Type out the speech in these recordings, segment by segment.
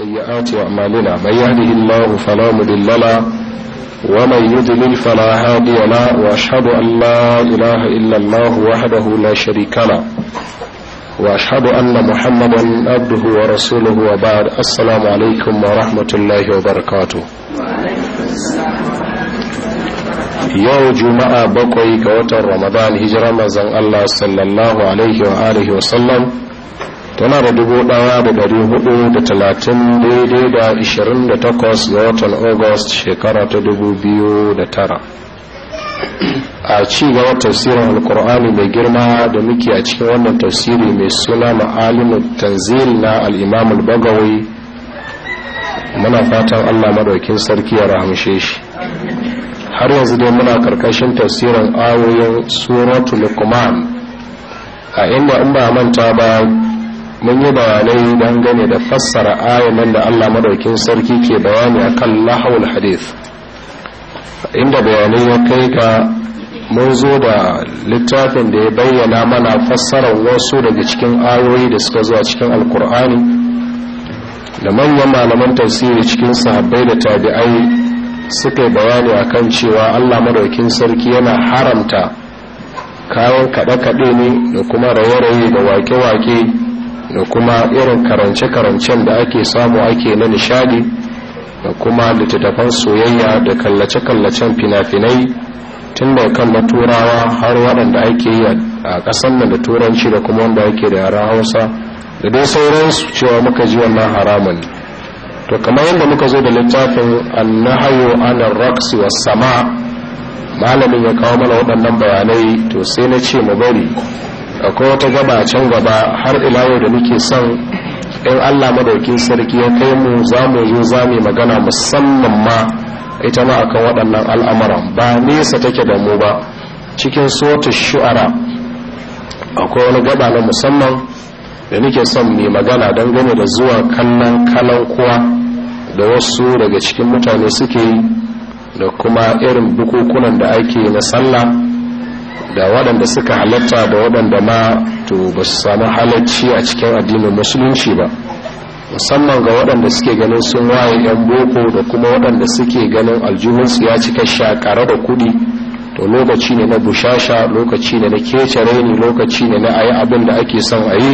وسيئات أعمالنا من يهده الله فلا مضل له ومن يضلل فلا هادي له وأشهد أن لا إله إلا الله وحده لا شريك له وأشهد أن محمدا عبده ورسوله وبعد السلام عليكم ورحمة الله وبركاته yau juma'a bakwai ga watan ramadan hijirar manzon Allah sallallahu alaihi wa alihi wa sallam tana da dubu ɗaya da dari hudu da talatin daidai da ishirin da takwas ga watan august shekara ta dubu biyu da tara a ci gaba tafsirin alkur'ani mai girma da muke a cikin wannan tafsiri mai suna ma'alimu tanzil na al'imam al-bagawi muna fatan allah madaukin sarki ya rahamshe shi har yanzu dai muna karkashin tafsirin ayoyin suratul kuman a inda in ba manta ba mun yi bayanai dangane da fassara ayan da Allah madaukin sarki ke bayani akan lahawul hadith inda bayanai ya kai ga mun zo da littafin da ya bayyana mana fassarar wasu daga cikin ayoyi da suka zuwa cikin alkur'ani da manyan malaman tafsiri cikin sahabbai da tabi'ai suka yi bayani kan cewa Allah madaukin sarki yana haramta kayan kaɗe-kaɗe ne da kuma raye-raye da wake-wake da kuma irin karance-karancen da ake samu ake na nishadi da kuma littattafan soyayya da kallace-kallacen fina-finai tun da kan na turawa har waɗanda ake yi a ƙasan da turanci da kuma wanda ake da yara hausa da dai sauransu cewa muka ji wannan haramun to kamar yadda muka zo da littafin annahayo anar raqsi wa sama malamin ya kawo mana waɗannan bayanai to sai na ce mu bari akwai wata gaba can gaba har ilawo da muke son in allah madaukin sarki ya kai mu za mu zo za mu magana musamman ma ita ma akan waɗannan al'amuran ba nesa take da mu ba cikin sota shu'ara akwai wani gaba na musamman da nake son mai magana dangane da zuwa kallon kalan kuwa da wasu daga cikin mutane suke yi da kuma irin bukukunan da ake na sallah da waɗanda suka halatta da waɗanda ma to ba su samu halacci a cikin addinin musulunci ba musamman ga waɗanda suke ganin sun waye 'yan boko da kuma waɗanda suke ganin aljihunsu ya cika shakara da kuɗi to lokaci ne na bushasha lokaci ne na kece raini lokaci ne na ayi abin da ake son a yi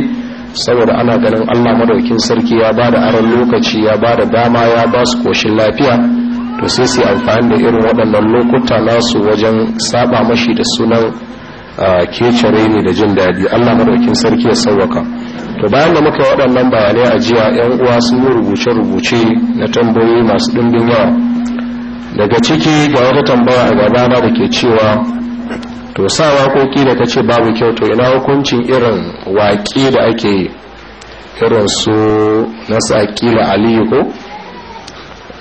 saboda ana ganin allah madaukin sarki ya ba da aron lokaci ya ba da dama ya ba su koshin lafiya to sai su amfani da irin waɗannan lokuta nasu wajen saba mashi da sunan kecere ne da jin daɗi allah maɗaukin sarki ya sauwaka to bayan da muka waɗannan bayanai a jiya yan uwa sun yi rubuce-rubuce na tambayoyi masu ɗumbin yawa daga ciki ga wata tambaya a gabana da ke cewa to sa waƙoƙi da ka ce babu kyau to ina hukuncin irin waƙi da ake irin su na saƙila aliyu ko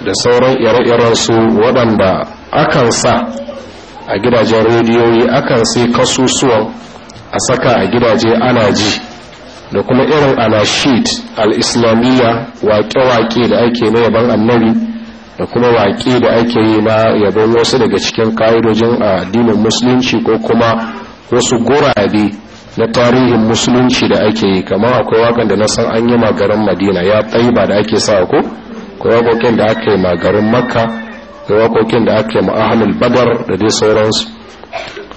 da sauran ire-iren su waɗanda akan sa a gidajen rediyoyi akan sai kasusuwan a saka a gidaje ana ji da kuma irin anashid al-islamiyya waƙe-waƙe da ake na yaban annabi da kuma waƙe da ake yi na yabon wasu daga cikin ƙa'idojin addinin musulunci ko kuma wasu gurabe na tarihin musulunci da ake yi kamar akwai wakan da na san an yi garin madina ya tsayi ba da ake sa ko ko wakokin da aka yi ma makka ko wakokin da aka yi ma badar da dai sauransu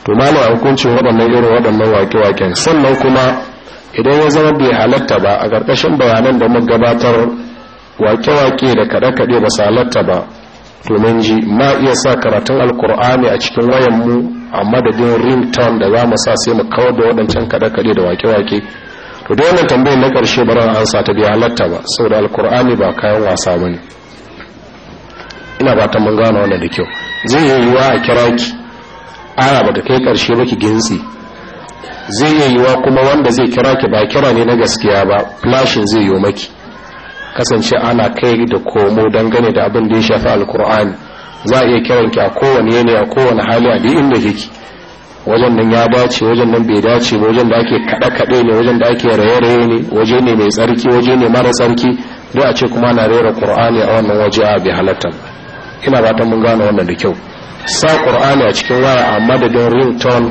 to malam hukuncin waɗannan irin waɗannan wake waken sannan kuma idan ya zama bai halatta ba a ƙarƙashin bayanan da muka gabatar wake wake da kaɗe-kaɗe ba su halatta ba to ji ma iya sa karatun alkur'ani a cikin wayanmu a madadin ringtone da za mu sa sai mu kawar da waɗancan kaɗe-kaɗe da wake wake to da wannan tambayar na karshe bara an sa ta biya halatta ba saboda alkur'ani ba kayan wasa ba ne ina ba ta mun gane wannan da kyau zai yi yiwuwa a kira ki aya ba ta kai karshe ba ki gintsi zai yi yiwuwa kuma wanda zai kira ki ba kira ne na gaskiya ba flashin zai yi maki kasance ana kai da komo dangane da abin da ya shafi alkur'ani za a iya kiranki a kowane yanayi a kowane hali a duk inda kike wajen nan ya dace wajen nan bai dace ba wajen da ake kaɗa kaɗe ne wajen da ake raye-raye ne waje ne mai tsarki waje ne mara tsarki duk a ce kuma na rera qur'ani a wannan waje a bi halatta ina ba ta mun gane wannan da kyau sa qur'ani a cikin waya a madadin ringtone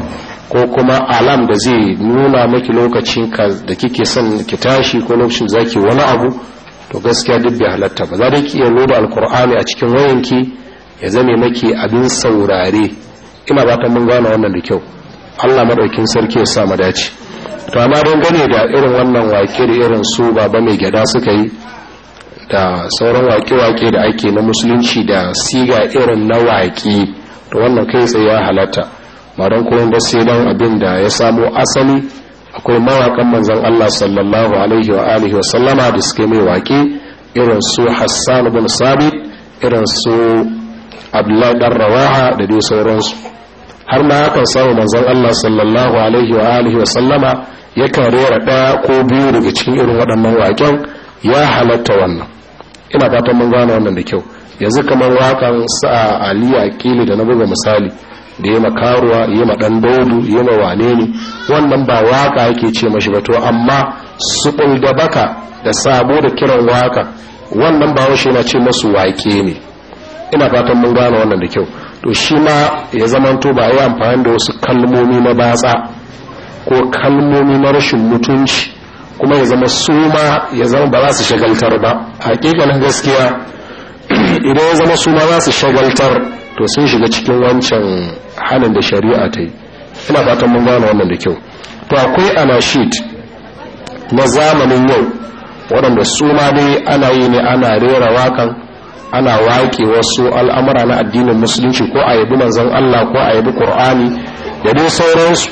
ko kuma alam da zai nuna maki lokacin ka da kike son ki tashi ko lokacin da zaki wani abu to gaskiya duk bai halatta ba za da ki iya loda alqur'ani a cikin wayanki ya zame maki abin saurare ina ta mun gane wannan da kyau Allah madaukin sarki ya sa mu dace to amma don gane da irin wannan wake da irin su baba mai gyada suka yi da sauran wake-wake da ake na musulunci da siga irin na wake to wannan kai sai ya halatta ba don kuma da sai don abin da ya samo asali akwai mawakan manzon Allah sallallahu alaihi wa alihi wa sallama da suke mai wake irin su Hassan bin Sabit irin su abdullahi dan rawaha da dai sauransu har ma kan samu manzon Allah sallallahu alaihi wa alihi wa sallama yakan rera ɗaya ko biyu daga cikin irin waɗannan waƙen ya halatta wannan ina fatan mun gane wannan da kyau yanzu kamar wakan sa Ali Aqili da na buga misali da yi makaruwa yi ma dan daudu yi ma wane ne wannan ba waka yake ce mashi ba to amma su da baka da sabo da kiran waka wannan ba washe na ce masu wake ne ina fatan mun gane wannan da kyau to shi ma ya zamanto ba yi amfani da wasu kalmomi na batsa ko kalmomi na rashin mutunci kuma ya zama su ma ya zama ba za su shagaltar ba hakikanin gaskiya idan ya zama su ma za su shagaltar to sun shiga cikin wancan halin da shari'a ta yi ina fatan mun gane wannan da kyau to akwai anashid na zamanin yau waɗanda su ma dai ana yi ne ana rera wakan ana waƙe wasu al'amura na addinin musulunci ko a yabi manzan Allah ko a yabi Qur'ani da dai sauransu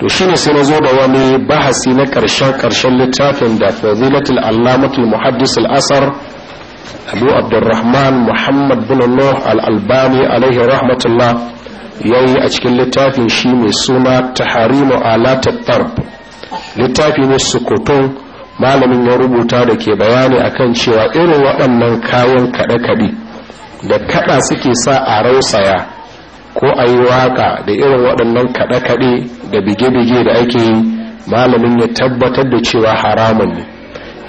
to shine sai na zo da wani bahasi na ƙarshen ƙarshen littafin da fadilatul allamatul muhaddis asar abu abdurrahman muhammad bin nuh al-albani alaihi rahmatullah yayi a cikin littafin shi mai suna taharimu alatat tarb littafi ne sukutun malamin ya rubuta da ke bayani akan cewa irin waɗannan kayan kaɗe-kaɗe da kaɗa suke sa a rausaya ko a yi waƙa da irin waɗannan kaɗe-kaɗe da bige-bige da ake yi malamin ya tabbatar da cewa haramun ne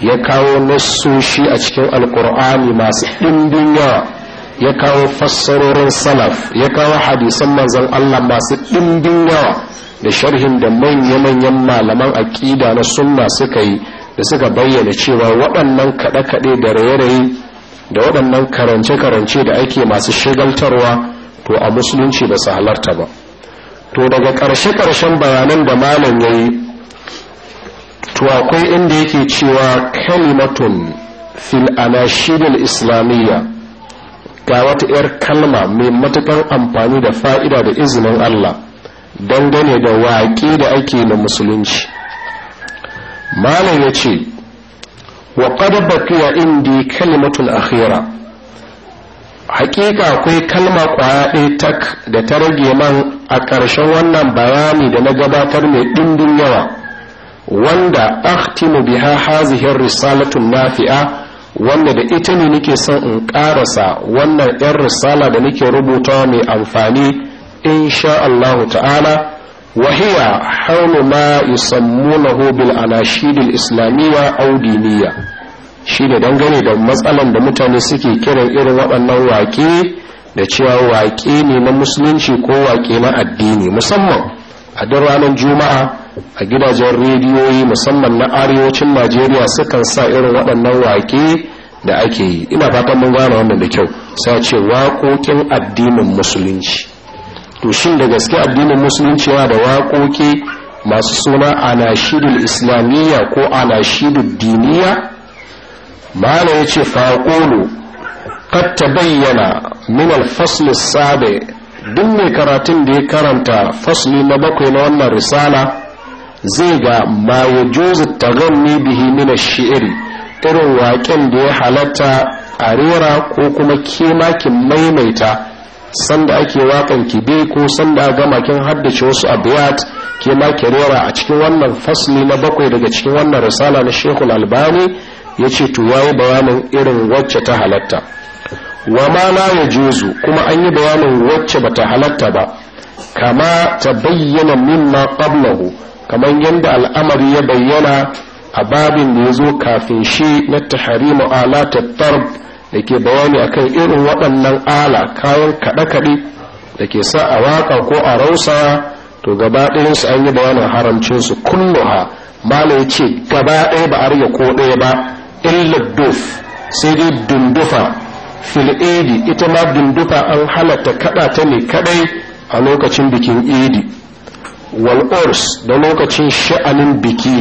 ya kawo nassoshi a cikin alkur'ani masu ɗimbin yawa ya kawo fassarorin salaf ya kawo hadisan manzan allah masu ɗimbin yawa da sharhin da manya-manyan malaman aƙida na sunna suka yi da suka bayyana cewa waɗannan kaɗe-kaɗe da raye-raye da waɗannan karance-karance da ake masu shigaltarwa to a musulunci ba su halarta ba to daga ƙarshe-ƙarshen bayanan da malam ya yi to akwai inda yake cewa kalimatun fil anashidil islamiyya ga wata 'yar kalma mai matuƙar amfani da fa'ida da izinin allah dangane da waƙe da ake na musulunci malam ya ce wa baqiya indi kalimatun akhira hakika akwai kalma kwaya ɗaya tak da ta rage man a ƙarshen wannan bayani da na gabatar mai ɗindin yawa wanda akhtimu biha hazihin risalatun nafi'a wanda da ita ne nake son in ƙarasa wannan 'yan risala da nake rubuta mai amfani insha Allahu ta'ala وهي حول ما يسمونه بالأناشيد الإسلامية أو shi shine dangane da matsalan da mutane suke kiran irin waɗannan waƙe da cewa waƙe ne na musulunci ko waƙe na addini musamman a duk ranar juma'a a gidajen rediyoyi musamman na arewacin najeriya sukan sa irin waɗannan waƙe da ake yi ina fatan mun gane wannan da kyau sai ce waƙoƙin addinin musulunci to shin da gaske addinin musulunci yana da waƙoƙi masu suna anashidul islamiyya ko anashidul diniya mala ya ce faƙolo kad ta bayyana min alfasli sabe duk mai karatun da ya karanta fasli na bakwai na wannan risala zai ga ma ya juzu taganni bihi min shi'iri irin waƙen da ya halatta a rera ko kuma kemakin maimaita sanda ake wakan ki ko sanda gama kin haddace wasu abiyat ke ma rera a cikin wannan fasli na bakwai daga cikin wannan risala na shekul albani ya ce tuwaye bayanin irin wacce ta halatta wa ma la ya juzu kuma an yi bayanin wacce bata halatta ba kama ta bayyana mimma qablahu kaman yadda al'amari ya bayyana a babin da ya zo kafin shi na taharimu ala tattarb da ke bayani akan irin waɗannan ala kayan kaɗe-kaɗe da ke sa a waƙa ko a rausa to gaba ɗayansu an yi bayanin haramcinsu kulluha malam ya ce gaba ɗaya ba a rage ko ɗaya ba illa duf sai dai dundufa fil edi ita ma dundufa an halatta kaɗa ta ne kaɗai a lokacin bikin edi wal urs da lokacin sha'anin biki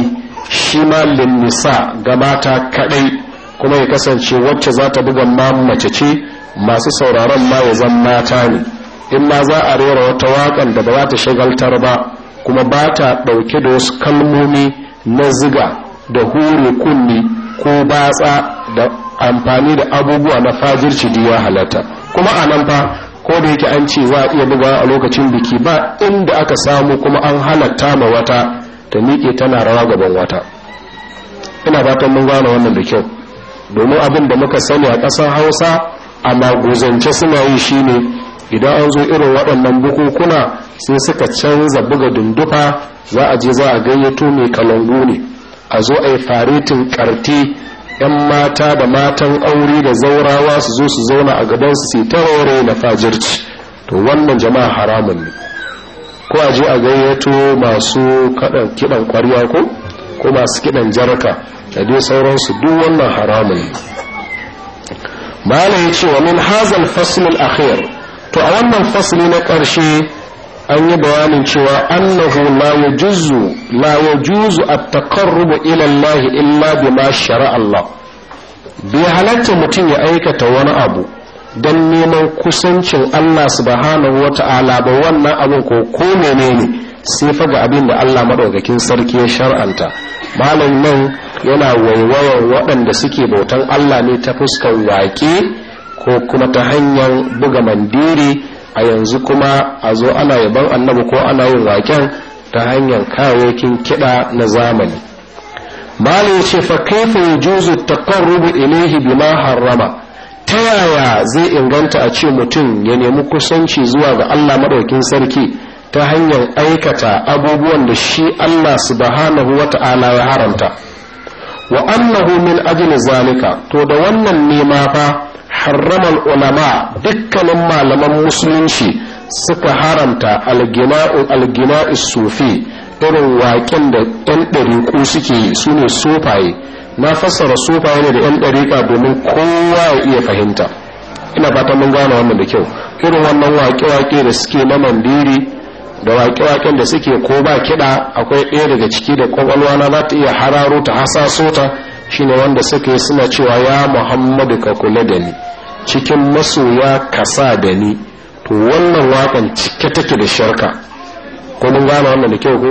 shi ma linnisa ga mata kaɗai kuma ya kasance wacce za ta buga mace ce masu sauraron ma ya zan mata ne in ma za a rera wata waƙan da ba za ta shagaltar ba kuma ba ta ɗauke da wasu kalmomi na ziga da hure kunni ko batsa da amfani da abubuwa na fajirci da ya halatta kuma a nan fa ko da yake an ce za a iya buga a lokacin biki ba inda aka samu kuma an halatta ma wata ta miƙe tana rawa gaban wata ina fatan mun gane wannan da kyau domin abin da muka sani a ƙasar hausa a maguzance suna yi ne idan an zo irin waɗannan bukukuna sai suka canza buga dundufa za a je za a gayyato mai kalangu ne a zo a yi faretin ƙarti 'yan mata da matan aure da zaurawa su zo su zauna a gabansu su ta hore na fajirci to wannan jama'a haramun ne ko a je a gayyato masu kiɗan kwarya ko ko masu kiɗan jarka da dai sauransu duk wannan haramun ne malam ya ce wa min hazal faslul akhir to a wannan fasli na ƙarshe an yi bayanin cewa annahu la yajuzu la yajuzu at-taqarrub ila Allah illa bima shara Allah bi halatta mutum ya aikata wani abu dan neman kusancin Allah subhanahu wata'ala ba wannan abin ko ko menene ne sai ga abin da Allah madaukakin sarki ya shar'anta malam nan yana waiwayar waɗanda suke bautan Allah ne ta fuskar waƙe ko kuma ta hanyar buga mandiri a yanzu kuma a zo ana yaban annabi ko ana yin waƙen ta hanyar kayayyakin kiɗa na zamani malam ce fa kaifa yujuzu taqarrubu ilayhi bima harrama ta yaya zai inganta a ce mutum ya nemi kusanci zuwa ga Allah madaukakin sarki ta hanyar aikata abubuwan da shi Allah subhanahu wa ta'ala ya haramta wa annahu min ajli zalika to da wannan nema fa harramal ulama dukkanin malaman musulunci suka haramta al-gina'u sufi irin waƙen da 'yan ɗariƙu suke yi su ne sofaye na fassara sofaye ne da 'yan ɗariƙa domin kowa ya iya fahimta ina fatan mun gane wannan da kyau irin wannan waƙe-waƙe da suke na mandiri da waƙe-waƙen da suke ko ba kiɗa akwai ɗaya daga ciki da ƙwaƙwalwa na za ta iya hararo ta hasaso ta shine wanda suka yi suna cewa ya muhammadu ka kula da ni cikin masoya ka sa da ni to wannan waƙan cike take da sharka ko mun gane wannan da kyau ko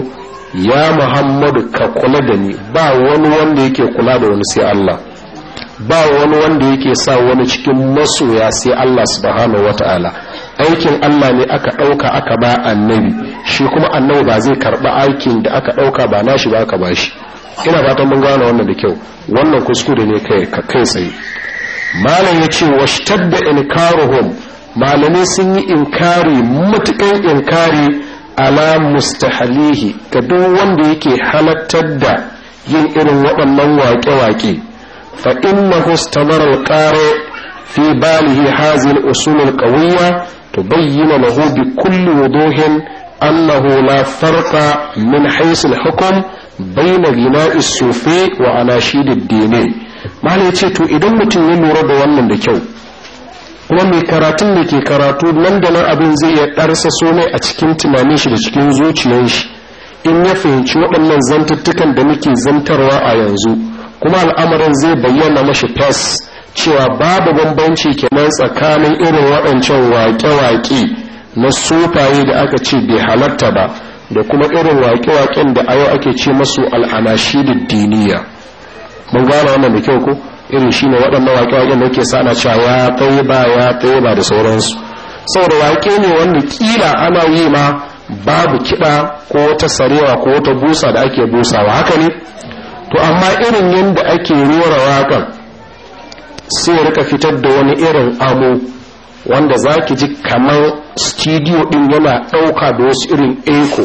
ya muhammadu ka kula da ni ba wani wanda yake kula da wani sai allah ba wani wanda yake sa wani cikin masoya sai allah subhanahu wataala aikin Allah ne aka ɗauka aka ba annabi shi kuma annabi ba zai karɓa aikin da aka ɗauka ba nashi ba aka ba shi ina fatan mun gane wannan da kyau wannan kuskure ne kai ka kai tsaye malam ya ce washtadda inkaruhum malamai sun yi inkari mutukan inkari ala mustahalihi ga duk wanda yake halattar da yin irin waɗannan waƙe-waƙe fa innahu istamara alqari fi balihi hazil usul alqawiyya تبين له بكل وضوح أنه لا فرق من حيث الحكم بين غناء الصوفي وأناشيد to idan mutum ya lura da wannan da kyau. kuma mai karatun da ke karatu nan da nan abin zai iya ɗarsa so ne a cikin tunanin shi da cikin zuciyar shi in ya fahimci waɗannan zantuttukan da muke zantarwa a yanzu kuma al'amarin zai bayyana mashi fes cewa babu bambanci kenan tsakanin irin waɗancan waƙe-waƙe na sufaye da aka ce bai halarta ba da kuma irin waƙe-waƙen da a yau ake ce masu al'anashi da diniya mun gane wannan da kyau ko irin shi ne waɗannan waƙe-waƙen da ke ana cewa ya tsaye ba ya tsaye ba da sauransu saboda waƙe ne wanda ƙila ana yi ma babu kiɗa ko wata sarewa ko wata busa da ake busawa haka ne to amma irin yadda ake rora waƙar sai rika fitar da wani irin amo wanda za ki ji kamar studio din yana ɗauka da wasu irin eko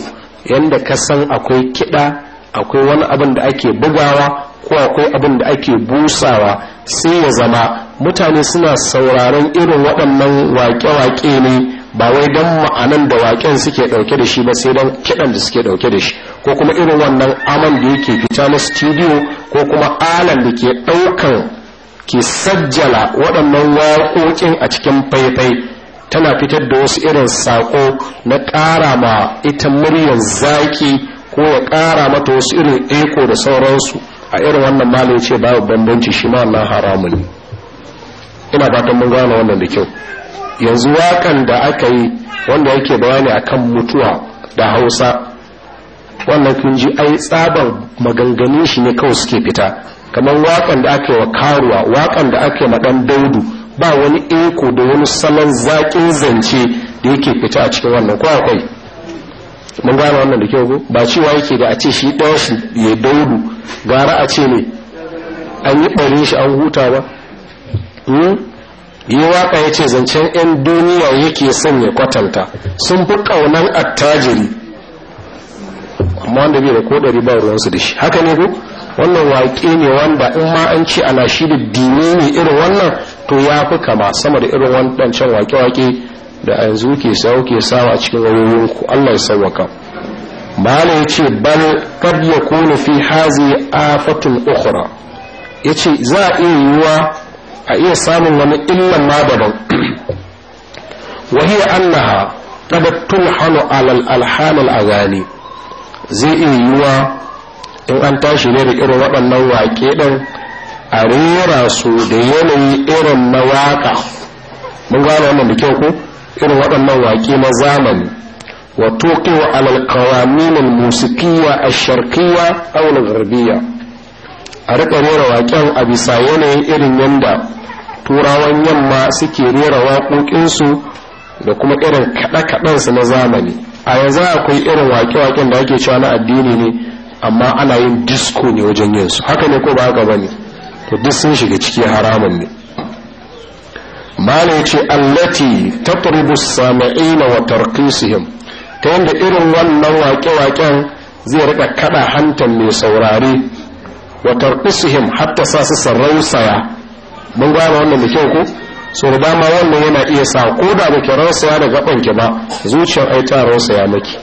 yadda ka san akwai kiɗa akwai wani abin da ake bugawa ko akwai abin da ake busawa sai ya zama mutane suna sauraron irin waɗannan waƙe-waƙe ne ba wai don ma'anan da waƙen suke ɗauke da shi ba sai don kiɗan da suke ɗauke da shi ko kuma irin wannan aman da yake fita na studio ko kuma alan da ke ɗaukan ke sajjala waɗannan waƙoƙin a cikin faifai tana fitar da wasu irin saƙo na ƙara ma ita muryar zaƙi ko ya ƙara mata wasu irin eko da sauransu a irin wannan malin ce babu bambanci shi ma Allah haramun ne ina fatan mun gane wannan da kyau yanzu wakan da aka yi wanda yake bayani akan mutuwa da hausa wannan kun ji ai tsaban maganganun shi ne kawai suke fita kamar wakan da aka wa karuwa wakan da ake ma ɗan daudu ba wani eko da wani salon zaƙin zance da yake fita a cikin wannan ko akwai mun gane wannan da kyau ko ba cewa yake da a ce shi ɗaya shi ya daudu gara a ce ne an yi ɓarin shi an huta ba hmm? yi waka ya ce zancen 'yan duniya yake son ya kwatanta sun fi ƙaunar attajiri amma wanda bai da kodari ba ruwansu da shi haka ne ku wannan waƙe ne wanda in ma an ce ana shi da dini ne irin wannan to ya fi kama sama da irin wancan waƙe-waƙe da a yanzu ke sawo ke sawa a cikin wayoyinku allah ya sauwaka mala ya ce bal kad ya kone fi hazi afatun ukhra ya ce za a iya yiwuwa a iya samun wani illan ma daban wahiyar annaha qad tulhanu alal alhanil agali zai iya yiwuwa in an tashi ne da irin waɗannan waƙe ɗin a rera su da yanayi irin na waƙa mun gano wannan da kyau ko irin waɗannan waƙe na zamani wa tuqiwa alal qawamin al musiqiyya a sharqiyya aw a rika rera waƙen a bisa yanayin irin yanda turawan yamma suke rera waƙoƙinsu da kuma irin kaɗe-kaɗensu na zamani a yanzu akwai irin waƙe-waƙen da ake cewa na addini ne amma ana yin disko ne wajen yin su haka ne ko ba haka bane to duk sun shiga ciki haramun ne mala yace allati tatribu sami'ina wa tarqisihim ta yanda irin wannan waƙe-waƙen zai rika kada hantan mai saurare wa tarqisihim hatta sa su sarrausaya mun gane wannan da kyau ko so da ma wannan yana iya sa ko da baki rausaya da gaban ki ba zuciyar aita ta rausaya maki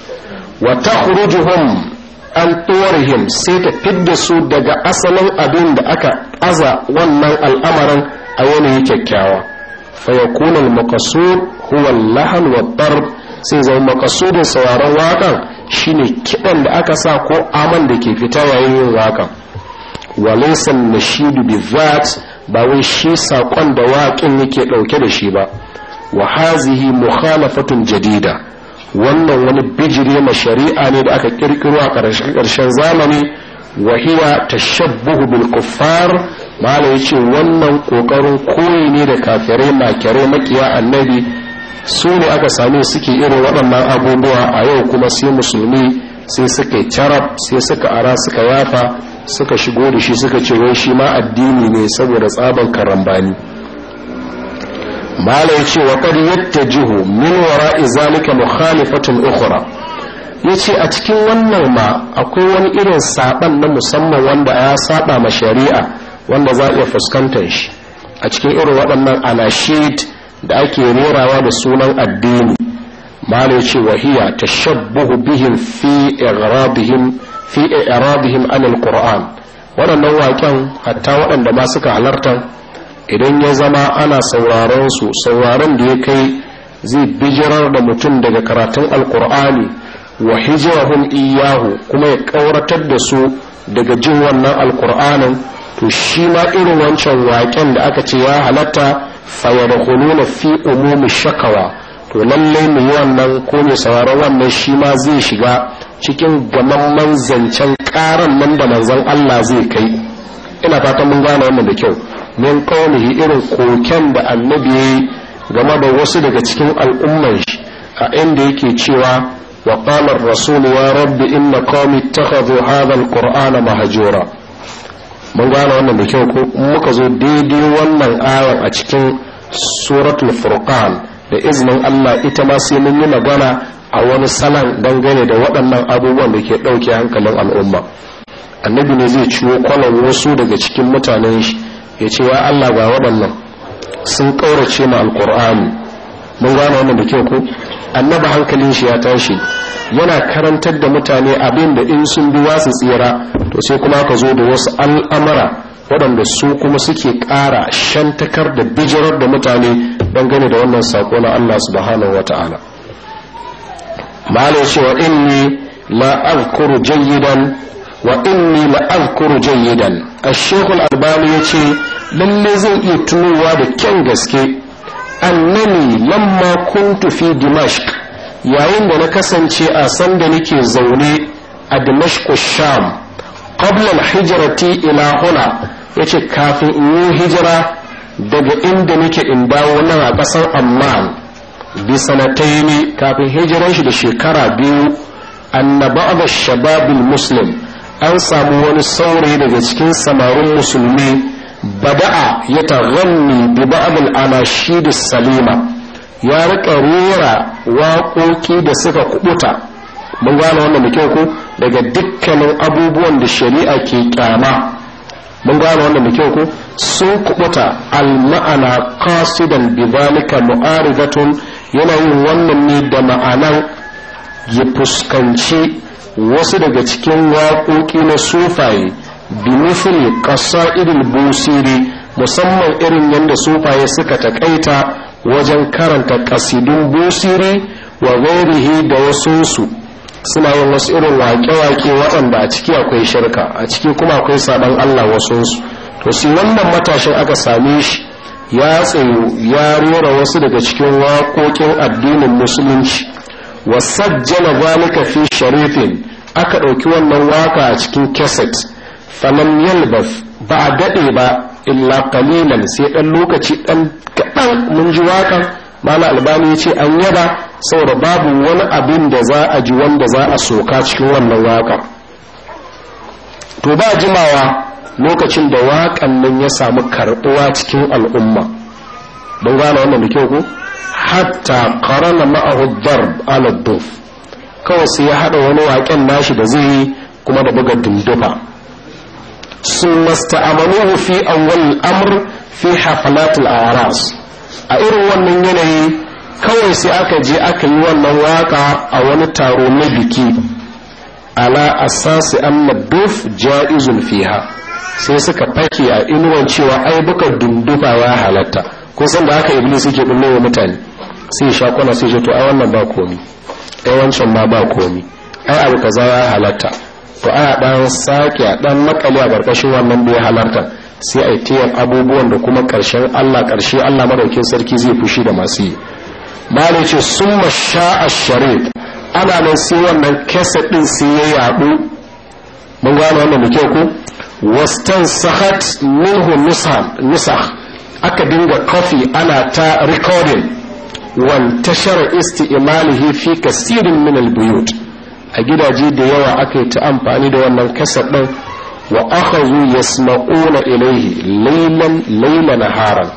wa takhrujuhum an tsorihim sai ta fidda su daga asalin abin da aka aza wannan al'amarin a yanayi kyakkyawa fayakunan al-maqsud huwa al-lahan wa sai zai makasudin sauraron waƙan shine kiɗan da aka sa ko aman da ke fita yayin yin wakan walaysan nashidu bi zat ba wai shi saƙon da waƙin yake ɗauke da shi ba wa hazihi mukhalafatun jadida wannan wani bijiri ma shari'a ne da aka kirkiro a ƙarshen zamani wahiya tashabbuh bil kuffar malam yace wannan kokarin koyi ne da kafirai makirai makiya annabi su ne aka same suke irin waɗannan abubuwa a yau kuma sai musulmi sai suka carab sai suka ara suka yafa suka shigo da shi suka ce wai shi ma addini ne saboda tsaban karambani mala ya ce wa qad jihu min wara'i zalika mukhalifatun ukhra yace a cikin wannan ma akwai wani irin saban na musamman wanda ya saba ma shari'a wanda za a iya fuskantar shi a cikin irin waɗannan anashid da ake rerawa da sunan addini mala ya ce wahiya tashabbuhu bihim fi iradihim fi iradihim anil alquran waɗannan waƙen hatta waɗanda ma suka halarta idan ya zama ana sauraron su sauraron da ya kai zai bijirar da mutum daga karatun alkur'ani wa hijirahun iyahu kuma ya ƙauratar da su daga jin wannan alkur'anin to shi ma irin wancan waken da aka ce ya halatta fayadkhuluna fi umumi shakawa to lallai mu wannan ko mai sauraron wannan shi ma zai shiga cikin gamamman zancen karan nan da manzon Allah zai kai ina fatan mun gane wannan da kyau min qawlihi irin koken da annabi yayi game da wasu daga cikin al'umman shi a inda yake cewa wa qala rasul ya rabbi inna qawmi ittakhadhu hadha al-qur'ana mahjura mun gane wannan da kyau ko muka zo daidai wannan ayar a cikin suratul furqan da iznin Allah ita ma sai mun yi magana a wani salan dangane da waɗannan abubuwan da ke ɗauke hankalin al'umma annabi ne zai ciwo kwalan wasu daga cikin mutanen shi ya ce wa Allah ga waɗannan sun ƙaurace ma alƙur'ani mun gane wannan da kyau ko annaba hankalin shi ya tashi yana karantar da mutane abin da in sun bi wasu tsira to sai kuma ka zo da wasu al'amara waɗanda su kuma suke ƙara shantakar da bijirar da mutane dangane da wannan saƙo na Allah subhanahu wa ta'ala malai cewa inni la azkuru jayyidan wa inni la azkuru jayyidan ash-shaykh al-albani yace lalle zan iya tunowa da kyan gaske annani lamma kuntu fi dimashq yayin da na kasance a sanda nake zaune a dimashq sham qabla al-hijrati ila huna yace kafin in yi hijira daga inda nake in dawo nan a ƙasar amman bi sanataini kafin hijiran shi da shekara biyu annaba da shababil muslim an samu wani saurayi daga cikin samarin musulmi bada'a ya taghanni bi ba'd al-anashid salima ya rika rura waƙoƙi da suka kubuta mun gane wannan da kyau ko daga dukkanin abubuwan da shari'a ke kyama mun gane wannan da kyau ko sun kubuta al-ma'ana qasidan bi zalika mu'aridatun yana yin wannan ne da ma'anan ya fuskanci wasu daga cikin waƙoƙi na sufaye bimisli irin busiri musamman irin yadda sufaye suka takaita wajen karanta kasidun busiri wa gairihi da wasu suna yin wasu irin wake-wake waɗanda a ciki akwai shirka a ciki kuma akwai saɓan Allah wasu to shi wannan matashin aka same shi ya tsayo ya rera wasu daga cikin waƙoƙin addinin musulunci wasajjala zalika fi sharifin aka ɗauki wannan waka a cikin cassette falam yalbas ba a daɗe ba illa qalilan sai ɗan lokaci ɗan kaɗan mun ji waƙar mala albani ya ce an yaba saboda babu wani abin da za a ji wanda za a soka cikin wannan wakan to ba jimawa lokacin da waƙan nan ya samu karɓuwa cikin al'umma don gane wannan da kyau ko hatta karana ma'ahu darb ala kawai sai ya haɗa wani waƙen nashi da zai kuma da buga dundufa ثم استعملوه في أول الأمر في حفلات الأعراس أئروا wannan yanayi kawai sai aka je aka yi wannan waka a wani taro na biki ala asasi ja'izun fiha sai suka fake a inuwan cewa ai buka dundufa ya halatta kun san da aka iblis yake bullo wa mutane sai sha kwana sai to a wannan ba komi ai wancan ba komi ai abu kaza ya halatta to ana dan sake a dan makale a barkashin wannan ya halarta sai a tiyar abubuwan da kuma karshen Allah karshe Allah madaukin sarki zai fushi da masu yi malai ce summa sha'a sharif ana nan sai wannan kesa ɗin sai ya yaɗu mun gano wannan da kyau ko wastan sahat minhu nusah aka dinga kofi ana ta recording tashar isti'malihi fi kasirin min albuyut a gidaje da yawa aka yi ta amfani da wannan kasar ɗin wa ya yasma'una ilaihi laiman layla haran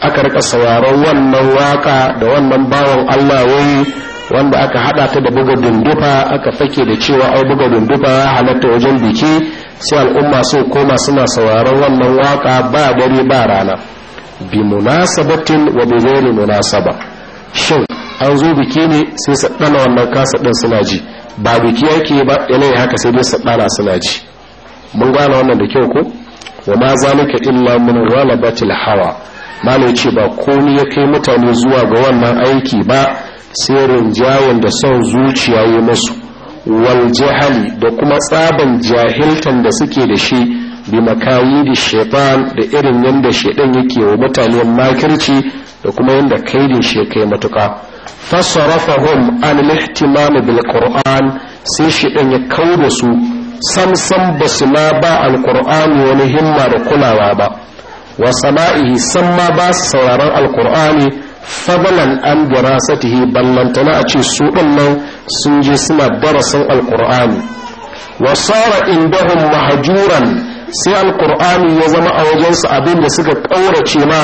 aka rika sauraron wannan waka da wannan bawan Allah wani wanda aka hada ta da buga dundufa aka fake da cewa ai buga dundufa ya halatta wajen biki sai al'umma su koma suna sauraron wannan waka ba dare ba rana bi munasabatin wa bi ghairi munasaba shin an zo biki ne sai su dana wannan kasa ɗin suna ji ba biki yake ba yanayi haka sai dai saɓana suna ji mun gane wannan da kyau ko wa ma zalika illa min ghalabatil hawa malai ce ba komai ya kai mutane zuwa ga wannan aiki ba sai rinjayen da son zuciya yi musu wal jahali da kuma tsaban jahiltan da suke da shi bi makayi da shaitan da irin yanda shaitan yake wa mutane makirci da kuma yadda kaidin shi kai matuka fasarafahum an lihtimam bil qur'an sai shi dan ya kauda su samsam basu ma ba alkur'ani wani himma da kulawa ba wa sama'ihi san ma ba su sauraron alqur'ani fadlan an dirasatihi ballantana a ce su nan sun je suna darasin alkur'ani. wa sara indahum mahjuran sai alkur'ani ya zama a wajensu abin da suka ƙaurace ma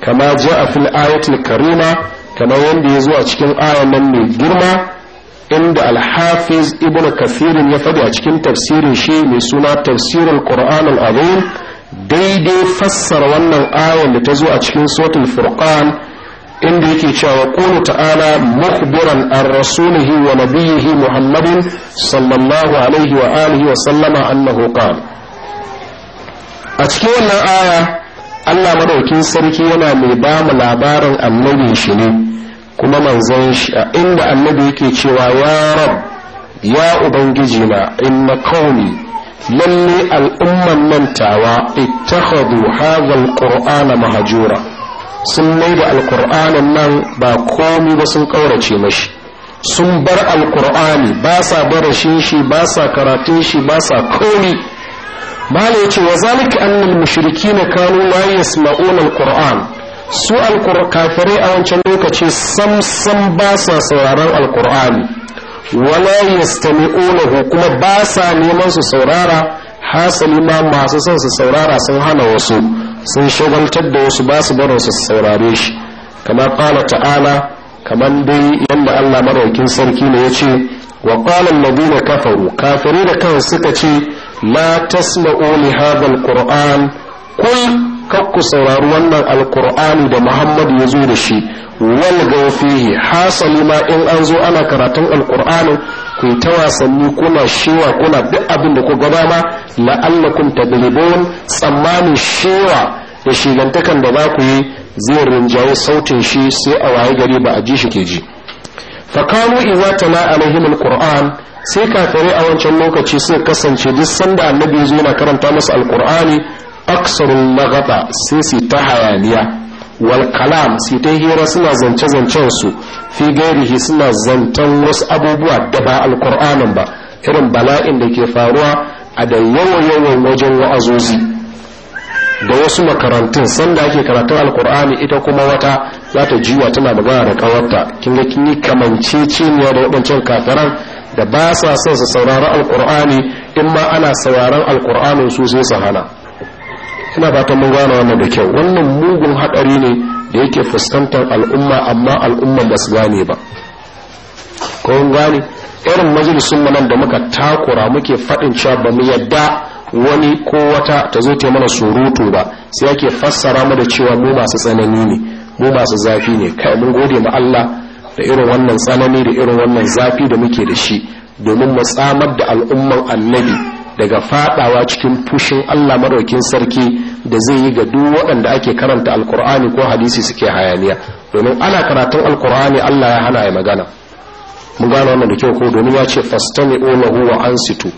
kama ja a fil ayatul karima na wanda ya zo a cikin ayan nan mai girma inda alhafiz ibn kathirin ya faɗi a cikin tafsirin shi mai suna tafsirin qur'an al-azim daidai fassara wannan ayan da ta zo a cikin suratul furqan inda yake cewa qulu ta'ala mukbiran an rasulihi wa nabiyhi muhammadin sallallahu alaihi wa alihi wa sallama annahu qala a cikin wannan aya Allah madaukin sarki yana mai ba mu labarin annabi shi ne kuma manzon shi a inda annabi yake cewa ya rab ya ubangiji na inna Lallai lalle al'umman nan tawa ittakhadhu hadha alqur'ana mahjura sun mai da alqur'anin nan ba komi ba sun kaurace mashi sun bar alqur'ani ba sa barashin shi ba sa karatun shi ba sa komi ya ce wa zalika annal na kanu la yasma'un alquran su alkafirai a wancan lokaci sam sam ba sa sauraron alqur'ani wala yastami'unahu kuma ba sa neman su saurara hasali ma masu son su saurara sun hana wasu sun shagaltar da wasu ba su barin su saurare shi kamar qala ta'ala kamar dai yadda Allah maraukin sarki ne yace wa qala na kafaru kafirai da kan suka ce la tasma'u li hadhal qur'an kul kakku saurari wannan alqur'ani da Muhammadu ya zo da shi wal gawfihi hasali ma in an zo ana karatun alqur'anin ku ta wasanni kuna shewa kuna duk abin da ku gaba ma la'allakum tadribun tsammanin shewa da shigantakan da za ku yi zai rinjayi sautin shi sai a waye gari ba a ji shi ke ji fakanu idza tala alaihim alquran sai kafirai a wancan lokaci sun kasance duk sanda annabi ya zo na karanta masa alkur'ani aksarun lagaba sai su ta hayaniya wal kalam sai ta hira suna zance-zancen su fi gairihi suna zantan wasu abubuwa da ba alqur'anin ba irin bala'in da ke faruwa a da yawan wajen wa'azozi da wasu makarantun sanda ake karatun alkur'ani ita kuma wata za ta jiwa tana magana da kawarta kin ga kin yi kamanceceniya da waɗancan kafiran da ba sa son su saurari alkur'ani in ma ana sauraron alkur'anin su sai su hana ina fatan mun gane wannan da kyau wannan mugun haɗari ne da yake fuskantar al'umma amma al'umma ba su gane ba ko mun gane irin majalisun mu nan da muka takura muke fadin cewa ba mu yadda wani ko wata ta zo ta mana surutu ba sai yake fassara mu da cewa mu masu tsanani ne mu masu zafi ne kai mun gode ma Allah da irin wannan tsanani da irin wannan zafi da muke da shi domin mu tsamar da al'umman annabi daga fadawa cikin fushin Allah madaukin sarki da zai yi ga duk waɗanda ake karanta alkur'ani ko hadisi suke hayaniya domin ana karatun alkur'ani Allah ya hana ya magana mun gano wannan da kyau ko domin ya ce fastani lahu wa ansitu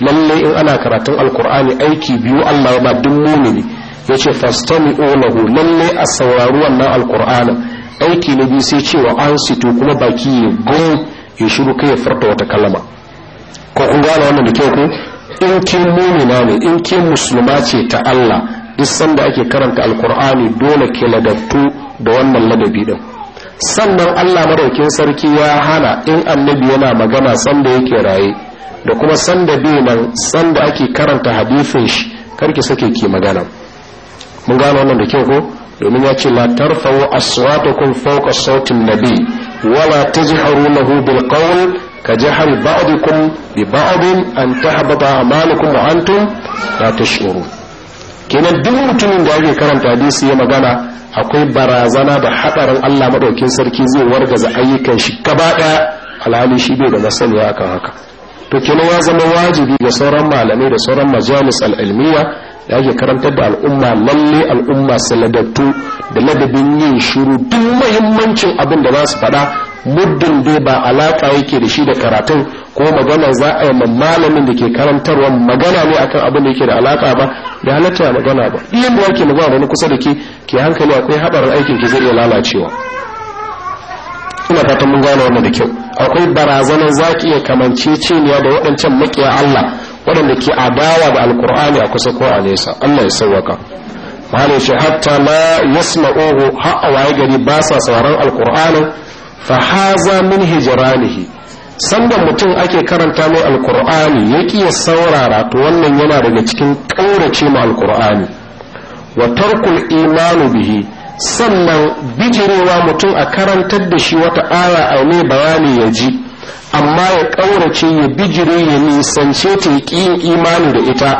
lalle in ana karatun alkur'ani aiki biyu Allah ya ba duk mumini yace fastami'u lallai lalle a saurari wannan alkur'anin aiki na biyu sai cewa an sito kuma baki ya gum ya shiru kai ya farta wata kalama ko kun gane wannan da kyau ko in ke mumina ne in ke musulma ce ta Allah duk sanda ake karanta alkur'ani dole ke ladabtu da wannan ladabi din sannan Allah madaukin sarki ya hana in annabi yana magana sanda yake raye da kuma sanda bai nan sanda ake karanta hadisin shi karki sake ki magana mun gane wannan da kyau ko domin ya ce la tarfa'u aswatakum fauka sautin nabi wala tajharu lahu bil qawl كجهل بعضكم ببعض أن تحبط أعمالكم وأنتم ta تشعرون kenan duk mutumin da ake karanta hadisi ya magana akwai barazana da hadarin Allah madaukin sarki zai wargaza ayyukan shi gaba ɗaya alhali shi bai da masaniya akan haka to kenan ya zama wajibi ga sauran malamai da sauran majalis al-ilmiya da ake karantar da al'umma lalle al'umma saladattu da ladabin yin shiru duk mahimmancin abin da za su faɗa muddin dai ba alaka yake da shi da karatun ko magana za a yi malamin da ke karantarwa magana ne akan abin da yake da alaƙa ba da halatta magana ba iyan da yake magana wani kusa da ke ke hankali akwai haɗarin aikin ki zai iya lalacewa ina fatan mun gane wannan da kyau akwai barazanar zaki iya kamanceceniya da waɗancan makiya Allah waɗanda ke adawa da alkur'ani a kusa ko a nesa allah ya sauwaka malin shi hatta ma yasma ohu a waye gari ba sa sauran alkur'ani fa haza min hijranihi sanda mutum ake karanta mai alkur'ani ya ƙi ya saurara to wannan yana daga cikin ƙaurace ma alkur'ani wa tarkul imanu bihi sannan bijirewa mutum a karantar da shi wata aya a mai bayani ya ji amma ya ƙaurace ya bijire ya nisance ta ya ƙi imani da ita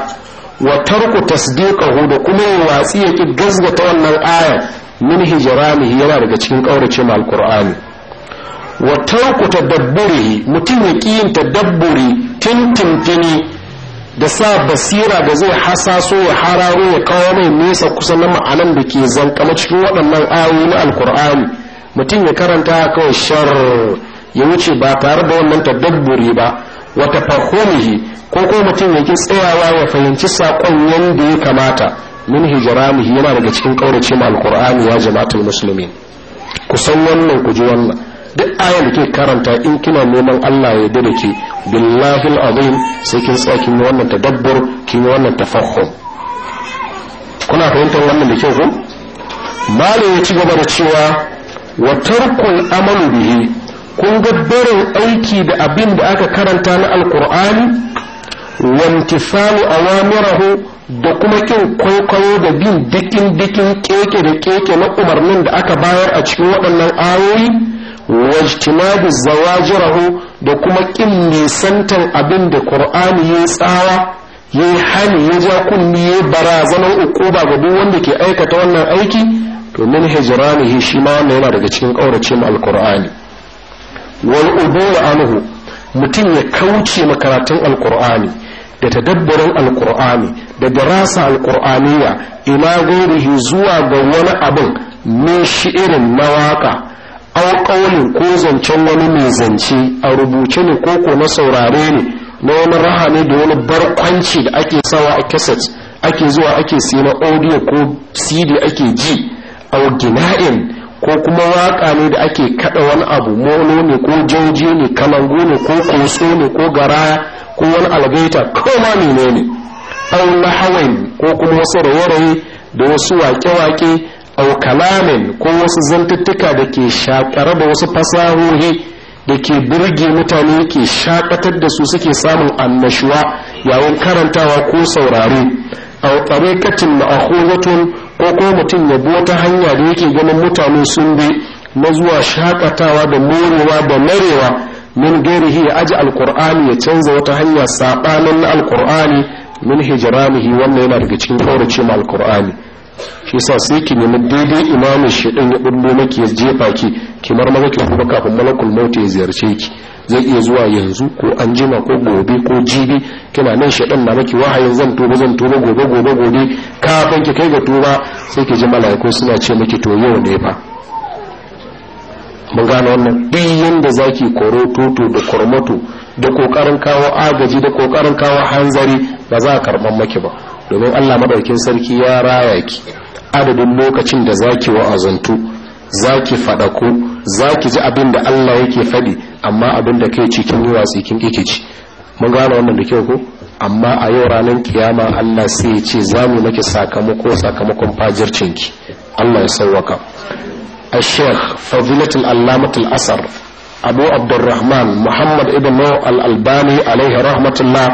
wa tarku tasdiqahu da kuma ya watsi ya ƙi gazgata wannan ayar min hijranihi yana daga cikin ƙaurace ma alqur'ani wa tarku tadabburihi mutum ya ƙi yin tadabburi tintintini da sa basira da zai hasaso ya hararo ya kawo mai nesa kusa na ma'anan da ke zankama cikin waɗannan ayoyi na alkur'ani mutum ya karanta kawai shar ya wuce ba tare da wannan tadabburi ba wa tafahumihi ko ko mutum ki tsayawa ya fahimci sakon yanda ya kamata min hijramihi yana daga cikin kaurace ma alqur'ani ya jama'atul muslimin ku san wannan ku ji wannan duk aya da ke karanta in kina neman Allah ya dade ki billahi alazim sai kin tsaya kin wannan tadabbur kin wannan tafahum kuna fahimtar wannan da kyau ko malam ya ci gaba da cewa wa tarkul amalu bihi kun ga barin aiki da abin da aka karanta na alkur'ani wamtisalu awamirahu da kuma kin kwaikwayo da bin dikin dikin keke da keke na umarnin da aka bayar a cikin waɗannan ayoyi wajtinadu zawajirahu da kuma kin nisantan abin da qur'ani ya tsawa ya yi hali ya ja kunni ya barazanar ukuba ga duk wanda ke aikata wannan aiki to min hijranihi shi ma yana daga cikin kaurace mu alqur'ani wal ubuwa anhu mutum ya kauce makaratun alkur'ani da tadabburin alkur'ani da darasa alkur'aniya ila gairihi zuwa ga wani abin min shi'irin na aw qawlin ko zancen wani mai zance a rubuce ne ko ko na saurare ne na wani raha da wani barkwanci da ake sawa a cassette ake zuwa ake sai na audio ko cd ake ji au gina'in ko kuma waka ne da ake kada wani abu molo ne ko jauje ne kalangu ne ko koso ne ko garaya ko wani algaita ko ma ne aw nahawain ko kuma wasu rawarai da wasu wake-wake au kalamin ko wasu zantuttuka da ke shakar da wasu fasahohi da ke birge mutane ke shakatar da su suke samun annashuwa yawon karantawa ko sauraro, saurare aw tariqatin ma'khuzatun ko ko mutum ya bi wata hanya da yake ganin mutane sun bi na zuwa shakatawa da morewa da marewa min gairihi ya aji alkur'ani ya canza wata hanya saɓanin na alkur'ani min hijiranihi wannan yana daga cikin kawai ma alkur'ani shi sa sai ki nemi daidai imamin shi ɗin ya ɓullo maki ya jefa ki kimar maza ki kuma kafin malakul mota ya ziyarce ki zai iya zuwa yanzu ko an jima ko gobe ko jibi kina nan shaɗan na maki wahayin zan tuba zan tuba gobe gobe gobe kafin ki kai ga tuba sai ki ji mala'iku suna ce maki to yau ne ba. mun gano wannan duk yanda zaki koro toto da kormato da kokarin kawo agaji da kokarin kawo hanzari ba za a karban maki ba domin Allah madaukin sarki ya raya ki adadin lokacin da zaki wa'azantu za ki ko za ki ji abin da Allah yake faɗi amma abin da kai cikin yi watsi kin ƙi ci mun gane wannan da kyau ko amma a yau ranar kiyama Allah sai ya ce za mu maki sakamako sakamakon ki Allah ya sauwaka a sheikh fadilatul allamatul asar abu abdurrahman muhammad ibn al-albani alaihi rahmatullah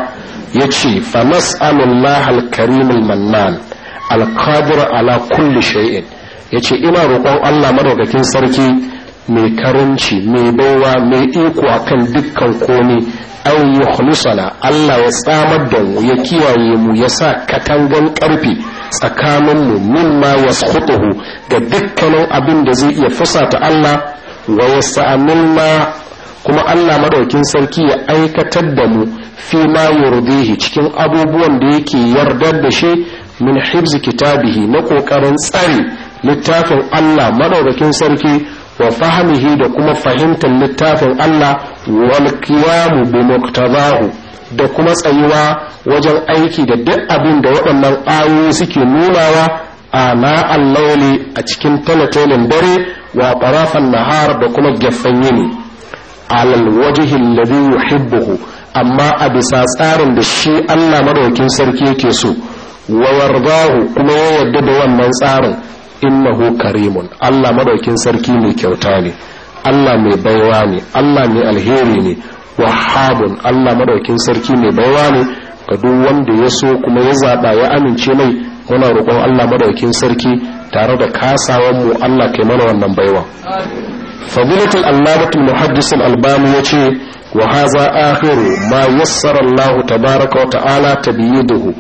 ya ce fa nas'alullah al-karim al-mannan al ala kulli shay'in ya ce ina roƙon allah madaukakin sarki mai karanci mai baiwa mai iko akan dukkan komi an yi hulusana allah ya tsamar da mu ya kiyaye mu ya sa katangan karfe tsakaninmu mimma yasqutuhu da dukkanin abin da zai iya fusata allah wa yasta'min ma kuma Allah madaukin sarki ya aikatar da mu fi ma yurdihi cikin abubuwan da yake yardar da shi min hibzi kitabihi na kokarin tsari. littafin Allah madaukakin sarki wa fahimihi da kuma fahimtar littafin Allah wal qiyamu bi muqtadahu da kuma tsayuwa wajen aiki da duk abin da waɗannan ayoyi suke nunawa a na'an laili a cikin talatalin dare wa ɓarafan nahar da kuma gyaffan yini alal wajihin ladhi yuhibbuhu amma a bisa tsarin da shi Allah madaukin sarki yake so wa yardahu kuma ya yarda da wannan tsarin innahu karimun Allah madaukin sarki mai kyauta ne Allah mai baiwa ne Allah mai alheri ne wahabun Allah madaukin sarki mai baiwa ne ga duk wanda ya so kuma ya zaba ya amince mai muna roƙon Allah madaukin sarki tare da kasawan mu Allah kai mana wannan baiwa fadilatul allamatul muhaddis albani yace wa hadha akhiru ma yassara Allah tabaaraka wa ta'ala tabyiduhu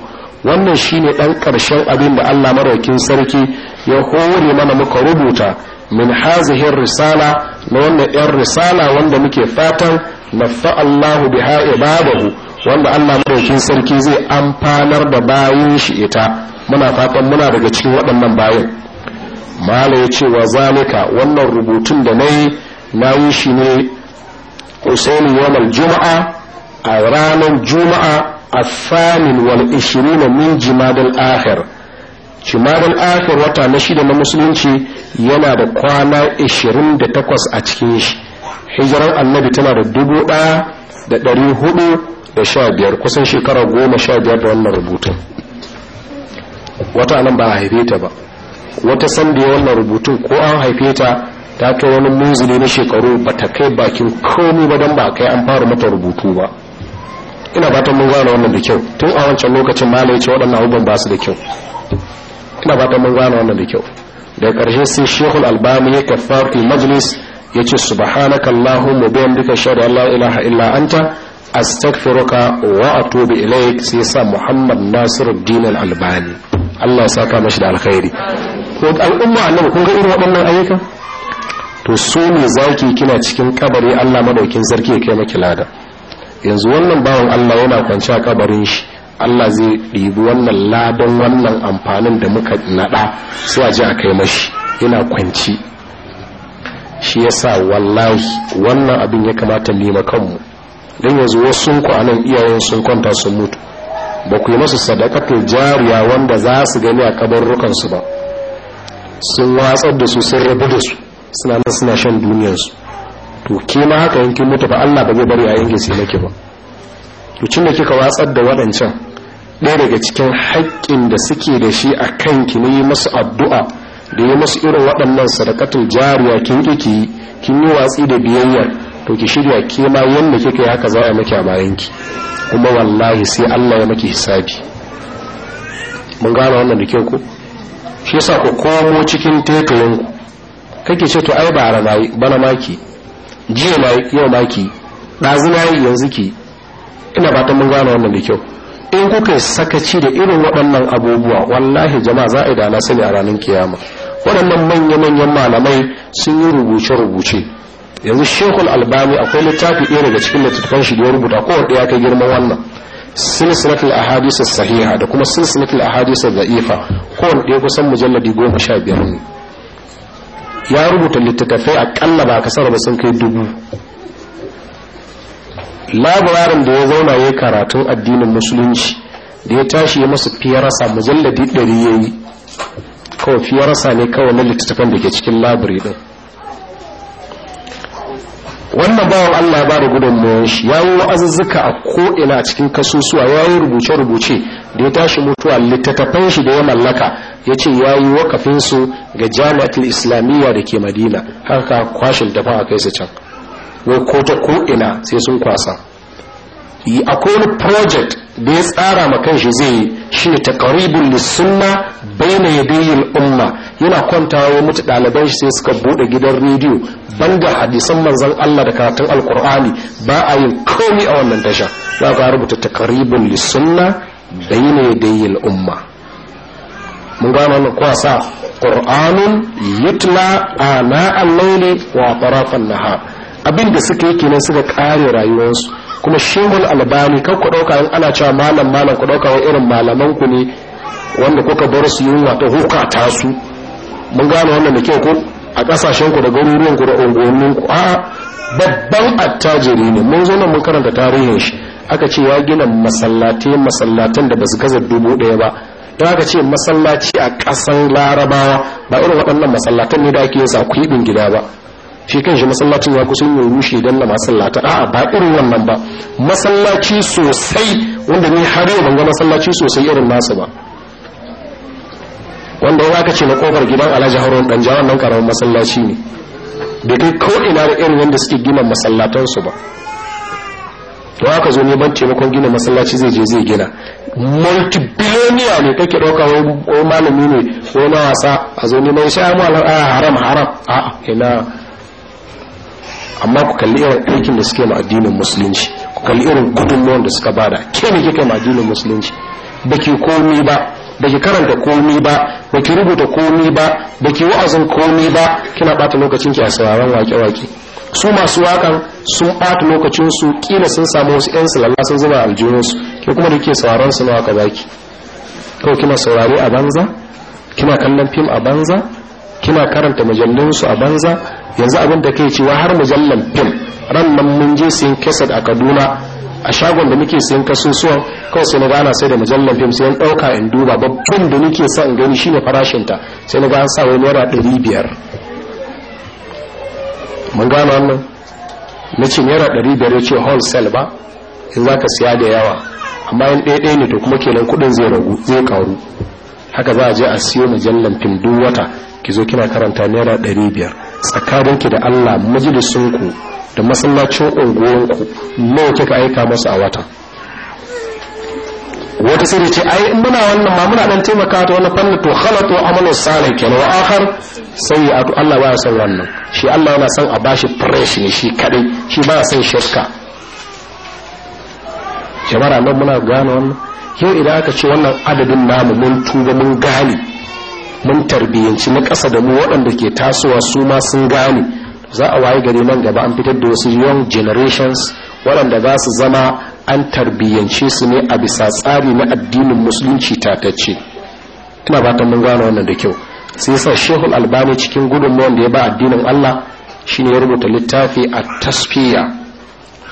wannan shine dan karshen abin da Allah madaukin sarki ya hore mana muka rubuta min hazihin risala na wannan yan risala wanda muke fatan na fa'allahu biha ibadahu wanda Allah madaukin sarki zai amfanar da bayin shi ita muna fatan muna daga cikin waɗannan bayan. mala ya ce wa zalika wannan rubutun da na yi na yi shi ne usaini yamal juma'a a ranar juma'a a famin wal ishirin min jimadal akhir cimarin akhir wata na shida na musulunci yana da kwana 28 a cikin shi hijirar annabi tana da dubu ɗaya da ɗari hudu da sha biyar kusan shekara goma sha biyar da wannan rubutun wata nan ba a haife ta ba wata sanda wannan rubutun ko an haife ta ta ta wani munzili na shekaru ba ta kai bakin komi ba don ba kai an fara mata rubutu ba ina fatan mun gane wannan da kyau tun a wancan lokacin malai ce waɗannan abubuwan ba su da kyau ina ba ta mun gane wannan da kyau daga ƙarshe sai shekul albani ya kafar fi majlis ya ce subhanaka mu bayan duka shaɗa allah ilaha illa anta astaghfiruka wa atubu ilaik sai sa muhammad nasiruddin albani allah ya saka mashi da alkhairi ko al'umma annabi kun ga irin waɗannan ayyuka to su ne zaki kina cikin kabari allah madaukin sarki ya kai maki lada yanzu wannan bawan allah yana kwance a kabarin shi Allah zai ɗibi wannan ladan wannan amfanin da muka naɗa sai a ji a kai mashi yana kwanci shi ya sa wallahi wannan abin ya kamata nema kanmu don yanzu wasu kwanan nan iyayen sun kwanta sun mutu ba ku yi masu sadakatar jariya wanda za su gani a kabarrukansu ba sun watsar da su sun rabu da su suna nan suna shan duniyarsu to ke ma haka yankin mutu ba Allah ba zai bari a yankin sai nake ba to cin da kika watsar da waɗancan ɗaya daga cikin haƙƙin da suke da shi a kanki ne yi masu addu'a da yi masu irin waɗannan sadakatul jariya kin ki kin yi watsi da biyayya to ki shirya ke ma yanda kika yi haka za a maki a bayanki kuma wallahi sai Allah ya maki hisabi mun gane wannan da kyau ko shi yasa ku komo cikin tekayen kake ce to ai ba bana maki jiya yau maki ɗazu yanzu ki ina fatan mun gane wannan da kyau in kuka sakaci da irin waɗannan abubuwa wallahi jama'a za a yi da sani a ranar kiyama waɗannan manya-manyan malamai sun yi rubuce-rubuce yanzu shekul albani akwai littafi ɗaya daga cikin littattafan shi da ya rubuta ko ɗaya kai girma wannan silsilatul ahadisa sahiha da kuma silsilatul ahadisa za'ifa ko ɗaya kusan mujalladi goma sha biyar ne ya rubuta littattafai a ƙalla ba kasar ba sun kai dubu Laburarin da ya zauna ya karatun addinin musulunci da ya tashi ya masu fiyarasa mujalladi ɗari ya yi kawai fiyarasa ne kawai na littattafan da ke cikin labari ɗin wannan bawan allah ba da gudun shi ya yi wa'azuzzuka a ko'ina a cikin kasusuwa ya yi rubuce-rubuce da ya tashi mutuwa littattafan shi da ya mallaka ya ce ya yi wakafinsu ga jami'atul islamiyya da ke madina haka kwashin dafa a kai su can ko ta ko ina sai sun kwasa akwai wani project da ya tsara ma shi zai yi shine taqribul lisunna baina yadayil umma yana kwantawa mutu ɗaliban shi sai suka buɗe gidan rediyo ga hadisan manzon Allah da karatun alkur'ani ba a yin komai a wannan tasha za ka rubuta taqribul lisunna baina yadayil umma mun gano wannan kwasa qur'anun yutla ana al-layli wa tarafan nahar abin da suka yi kenan suka kare rayuwarsu kuma shehul albani kan ku ɗauka in ana cewa malam malam ku ɗauka wani irin malaman ku ne wanda kuka bar su yunwa ta hukata su mun gane wannan da kyau ko a kasashen ku da garuruwan ku da unguwannin ku a babban attajiri ne mun zo nan mun karanta tarihin shi aka ce ya gina masallatai masallatan da basu gaza dubu daya ba da aka ce masallaci a ƙasan larabawa ba irin waɗannan masallatan ne da ake yin sa ku yi gida ba shi kan shi masallacin ya kusan yi rushe don na masallata a'a ba irin wannan ba masallaci sosai wanda ni har yau ban ga masallaci sosai irin nasu ba wanda ya ka ce na kofar gidan alhaji haruwan dan jawon nan karamin masallaci ne bai kai ko ina da irin wanda suke gina masallatansu ba to aka zo ban taimakon gina masallaci zai je zai gina multibillionaire ne kake dauka wani malami ne na wasa a zo ne mai sha'amu mu haram haram a ina amma ku kalli irin aikin da suke ma addinin musulunci ku kalli irin gudunmuwan da suka bada ke ne kika ma addinin musulunci ba ki komi ba ba ki karanta komi ba ba ki rubuta komi ba ba ki wa'azin komi ba kina bata lokacin ki a sauraron wake-wake su masu wakan sun bata lokacin su kila sun samu wasu yan sallalla sun zuba aljihun su ke kuma da ke sauraron su na waka baki kawai kina saurare a banza kina kallon fim a banza kina karanta mujallun su a banza yanzu abin da kai cewa har mujallal fim ran nan mun je sayan kaset a kaduna a shagon da muke sayan kasusuwan kawai sai na ga sai da mujallal fim sai ɗauka in duba babban da nake sa in gani shine ta sai na ga an sa wani naira ɗari biyar mun gano wannan na ce naira ɗari biyar ya ce wholesale ba in za ka siya da yawa amma in ɗaya ɗaya ne to kuma kenan kuɗin zai ragu zai karu haka za a je a siyo mujallan fim wata ki zo kina karanta naira ɗari biyar tsakaninki da allah majalisinku da masallacin unguwanku nawa kika aika masu a wata wata sirri ce ai muna wannan ma muna dan taimaka ta wannan fanni to khalatu amalu salih kenan wa akhar atu Allah ba son wannan shi Allah yana son a bashi fresh ne shi kadai shi ba ya son shirka jama'ar nan muna gane wannan yau idan aka ce wannan adadin namu mun tuba mun gane mun tarbiyyanci na ƙasa da mu waɗanda ke tasowa su ma sun gane za a waye gari nan gaba an fitar da wasu young generations waɗanda za su zama an tarbiyyance su ne a bisa tsari na addinin musulunci tatacce ina ta mun gane wannan da kyau sai sa shehul albani cikin gudunmawar da ya ba addinin allah shine ya rubuta littafi a tasfiya